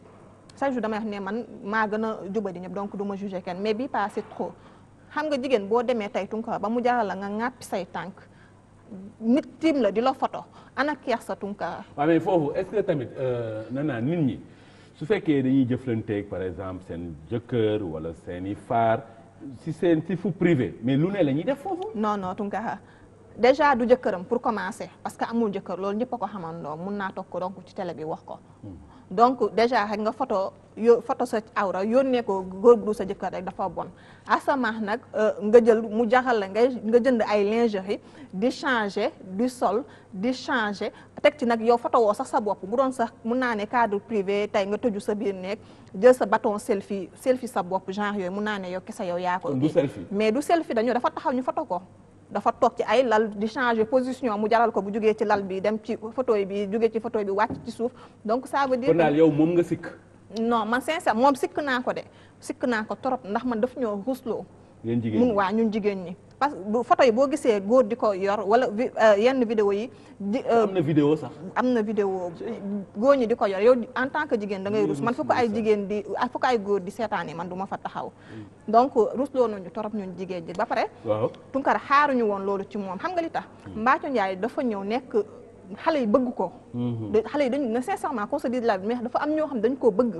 chaque jour dama man maa gën a jubadi donc du ma juger kenn mais bi passé trop xam nga jigéen boo demee tey Tunkara ba mu jaral la nga ŋàppi say tànk nit tiim la di la photo ana kersa Tunkara waaw mais foofu est-ce que tamit euh, Nana nit ñi su fekkee dañuy jëflanteeg par exemple seen jëkkër wala seen i faar si seen si fu privé mais lu ne la ñuy def foofu. non non Tunkara déjà du jëkkëram pour commencer parce que amul jëkkër loolu ñëpp a ko xamandoo mun naa toog ko donc ci tele bi wax ko. Hmm. donc déjà xëy nga photo yo photo sa awra yónnee ko góor sa jëkkër rek dafa bon asamaax nag euh, nga jël mu jaxal la nga jënd ay lingerie di changer di sol di changer teg ci nag yow photo woo sax sa bopp bu doon sax mun naa ne cadre privé tey nga tëju sa biir nekk jël sa bâton selfie selfie sa bopp genre yooyu mun naa ne yow kese yow yaa ko. du selfie mais du selfie dañu dafa taxaw ñu photo ko. dafa toog ci ay lal di changer position mu jaral ko bu jógee ci lal bi dem ci fauteuil bi jógee ci fauteuil bi wàcc ci suuf donc ça veut kon daal yow moom nga sikk. non ma sincère moom sikk naa ko de sikk naa ko trop ndax man def ñoo rusloo. mun waa ñun jigéen ñi. parce que foto yi boo gisee góor di ko yor wala euh, yenn vidéo yi. di euh, am na vidéo sax. am na vidéo góor ñi di ko yor yow en tant que jigéen da ngay rus man ah, fu ko ay jigéen di fu seetaani man du ma fa taxaw. Mm. donc rus loo nañu torop ñun jigéen ji ba pare. waaw Tunkara ñu woon loolu ci moom xam nga li tax. Mm. Mbathio Ndiaye dafa ñëw nekk. xale yi bëgg ko. Mm-hmm. xale yi dañu ne sincèrement qu'on se dise la mais dafa am ñoo xam dañu koo bëgg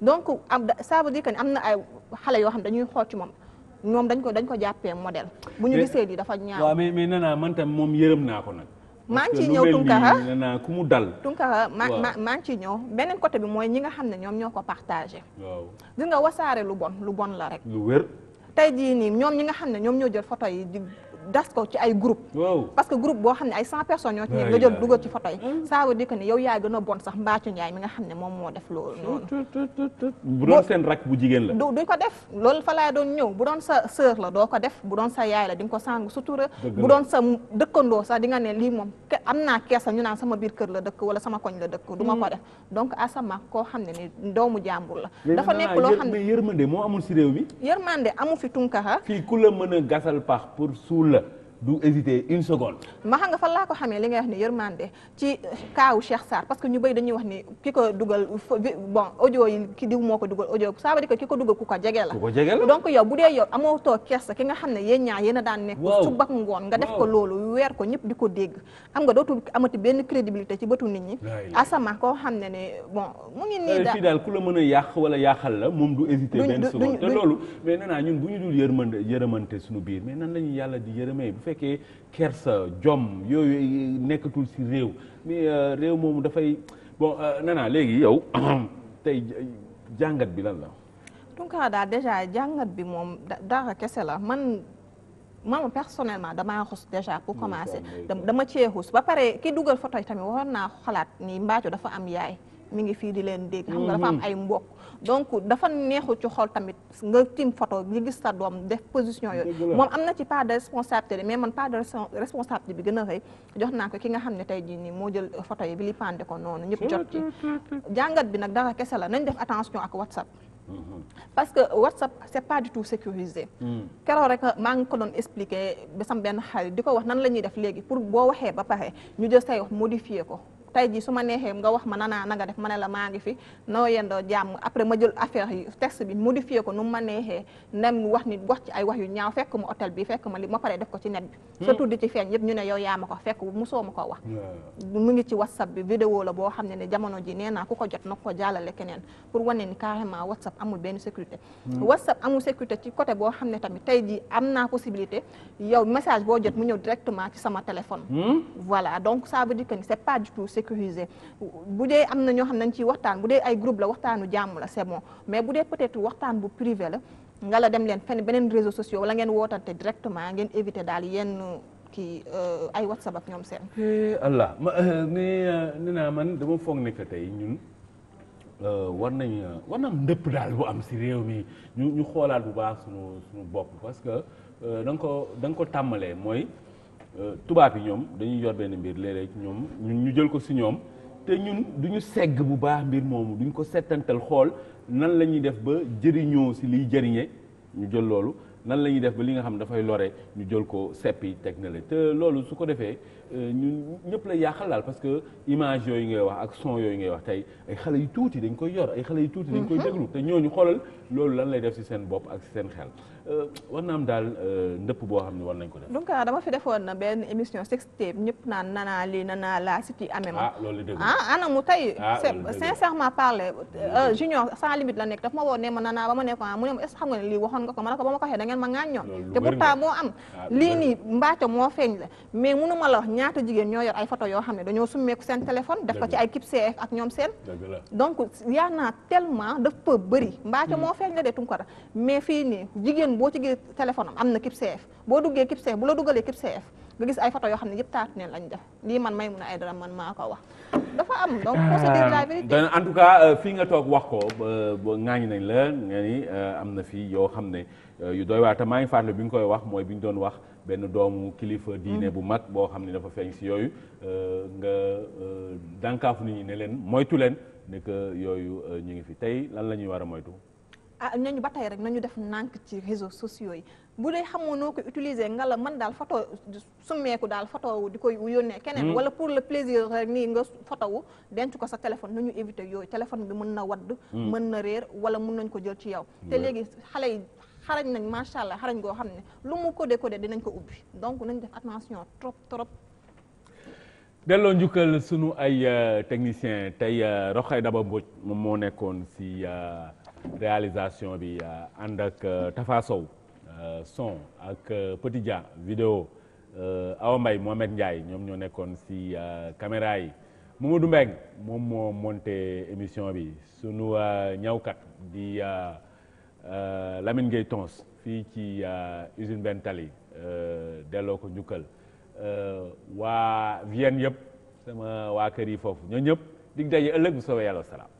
donc am ça veut dire am na ay xale yoo xam dañuy xool ci moom. ñoom dañ ko dañ ko jàppee model bu ñu gisee di dafa ñaaw waaw mais mais nee naa man tam moom yërëm naa ko nag maa ngi ñëw Tunkara nee naa ku mu dal Tunkara ma maa ngi ciy ñëw beneen côté bi mooy ñi nga xam ne ñoom ñoo ko partagé waaw gis nga wasaare lu bon lu bon la rek lu wér tey jii nii ñoom ñi nga xam ne ñoom ñoo jël photo yi das ko ci ay groupe parce que groupe boo xam ne ay cent personnes ñoo ci ah. ne yow yaa gën a xam ne moom moo def bu doon seen rak bu jigéen la duñ ko def loolu fa doon ñëw bu doon sa sœur doo ko def bu doon sa la di nga ko sàng sutura bu doon sa dëkkandoo sax di nga ne lii moom naa keesa ñu naan sama biir kër la dëkk wala sama koñ la dëkk du ma ko hmm. def donc asama koo xam ne ni doomu jàmbur la dafa nekk loo xam ne yërmande moo amul si réew mi yërmande amu fi tunkara fii ku la mën a gasal pax pour suul la du hésiter une seconde. ma xam nga fan laa ko xamee li nga wax ni yërmande ci kaawu Cheikh Sarr parce que ñu bëri dañuy wax ni ki ko dugal bon audio yi ki diw moo ko dugal audio ça veut dire que ki ko dugal ku ko jege la. ku ko la donc yow bu dee yow amoo too kersa ki nga xam ne yéen ñaar yéen a daan ne waaw suba ngoon nga def ko loolu weer ko ñëpp di ko dégg. xam nga dootul amati benn crédibilité ci bëtu nit ñi. asama koo xam ne ne bon mu eh, ku la mën a yàq wala yàqal la moom du hésiter benn seconde ñu dul yërmande yërëmante suñu biir mais nan lañu yàlla di yërëmee fekkee kersa jom yooyu nekkatul si réew mais euh, réew moomu dafay bon euh, Nana léegi yow tey jàngat bi lan la. donc ah, daal déjà jàngat bi moom dara kese la man. man personnellement damaa xus déjà pour commencer dama cee xus ba pare ki dugal photo yi tamit waroon naa xalaat ni mbaajo dafa am yaay mi ngi fii di leen dégg xam nga dafa am mhm. ay mbokk donc dafa neexu ci xol tamit nga tiim photo nga gis sa doom def position yooyu moom am na ci part de responsabilité mais man part de responsabilité bi gën a rëy jox naa ko ki nga xam ne tey jii nii moo jël photo yi bi li pande ko noonu ñëpp jot ci jàngat bi nag dara kese la nañ def attention ak WhatsApp mm-hmm. parce que WhatsApp c' est pas du tout sécurisé. Mm. keroog rek maa ngi ko doon expliqué ba sam benn xarit di ko wax nan la ñuy def léegi pour boo waxee ba pare ñu jël say modifié ko. tey jii su neexee nga wax ma nanaa na nga def ma ne la maa ngi fi noo yendoo jàmm après ma jël affaire yi texte bi modifié ko nu neexee nem wax nit wax ci ay wax yu ñaaw fekk ma hôtel bi fekk ma li ma paree def ko ci net bi hmm. surtout di ci feeñ yëpp ñu ne yow ma ko fekk musoo ma ko wax mu ngi ci whatsapp bi vidéo la boo xam ne ne jamono ji nee naa ku ko jot na ko jàllale keneen pour wane ni carrément whatsapp amul benn sécurité hmm. whatsapp amul sécurité ci côté boo xam ne tamit tey jii am naa possibilité yow message boo jot mu ñëw directement ci sama téléphone hmm. voilà donc ça veut ni c'est pas tout sécuriser bu dee am na ñoo xam nañ ciy waxtaan bu dee ay groupe la waxtaanu jàmm la c'est mais bu dee peut-être waxtaan bu privé la nga la dem leen fenn beneen réseaux sociaux wala ngeen wootante directement ngeen éviter daal yenn kii euh, ay whatsapp ak ñoom seen. Eh, allah ma eh, nee nee naa man dama foog ne que tey ñun euh, war nañ war na am ndëpp daal bu am si réew mi ñu ñu xoolaat bu baax suñu suñu bopp parce que euh, da nga ko da nga ko tàmmalee mooy. tubaab yi ñoom dañuy yor benn mbir léeg ñoom ñun ñu jël ko si ñoom te ñun du ñu segg bu baax mbir moomu duñ ko settantal xool nan la ñuy def ba jëriñoo si liy jëriñe ñu jël loolu nan lañuy ñuy def ba li nga xam dafay lore ñu jël ko seppi teg na la te loolu su ko defee euh, ñu ñëpp la yàqal daal parce que image yooyu ngay wax ak son yooyu ngay wax tey ay xale yu tuuti dañ koy yor ay xale yu tuuti dañ koy mhm. déglu te ñu xoolal loolu lan lay def si seen bopp ak seen xel Euh, war na am daal euh, ndëpp boo xam ne ah, benn émission sextape ñëpp naan nanaa lii nanaa laa si ci amee ma. ah loolu dëgg la ah ana mu tey. Ah, sincèrement parler euh, mm-hmm. junior sans limite la nekk daf ma woo ne ma nanaa ba ma nekk ah, mu ne ma est xam nga ne lii waxoon nga ko ma ko ba ko waxee ngeen ma ŋaaññoon. te pourtant moo am. lii nii mbaaco moo feeñ la mais munu ma la wax ñaata jigéen ñoo yor ay photo yoo xam ne dañoo summeeku seen téléphone. def ko ci ay kip CF ak ñoom seen. donc yaa naa tellement daf peu bëri. mbaaco mm-hmm. moo feeñ la de tunkara mais fii nii jigéen boo ci gis am am na KIPCF boo duggee KIPCF bu la duggalee KIPCF nga gis ay photo yoo xam ne yëpp taat neen lañ def lii man may mun a ay dara man maa ko wax dafa am donc euh, cas euh, fii nga toog wax ko ŋaañi nañ la nga euh, am na fii yoo xam ne yu doy maa ngi fàttali bi nga koy wax mooy bi ñu doon wax benn doomu kilifa hmm. diine bu mag boo xam ne dafa feeñ si yooyu nga dànkaafu nit ñi ne leen moytu leen ne que yooyu ñu ngi fi tey lan la ñuy war a moytu ah nañu ba tey rek nañu def nànk ci réseaux sociaux yi bu dee xamoo noo ko utiliser nga la mën daal photo summeeku daal photo di ko yónnee keneen hmm. wala pour le plaisir rek nii nga foto wu denc ko sa téléphone nañu éviter yooyu téléphone bi mën na wadd hmm. mën na réer wala mën nañ ko jël ci yow te hmm. léegi xale yi xarañ nañ macha allah xarañ goo xam ne lu mu codé codé dinañ ko ubbi donc nañ def attention trop trop delloo njukkal sunu ay euh, technicien tey euh, Roxay Daba Mbodj moom moo nekkoon si euh, réalisation bi euh, ànd ak euh, Tafa Sow euh, son ak Petit Dia vidéo Awa Mbaye Mohamed Ndiaye ñoom ñoo nekkoon si caméra yi Mamadou Mbeng moom moo monté émission bi suñu ñawkat di Lamine Gueye fii ci usine benn tali delloo ko njukkal waa Vienne yëpp sama waa kër yi foofu ñoo ñëpp dig daje ëllëg bu soobee yàlla salaam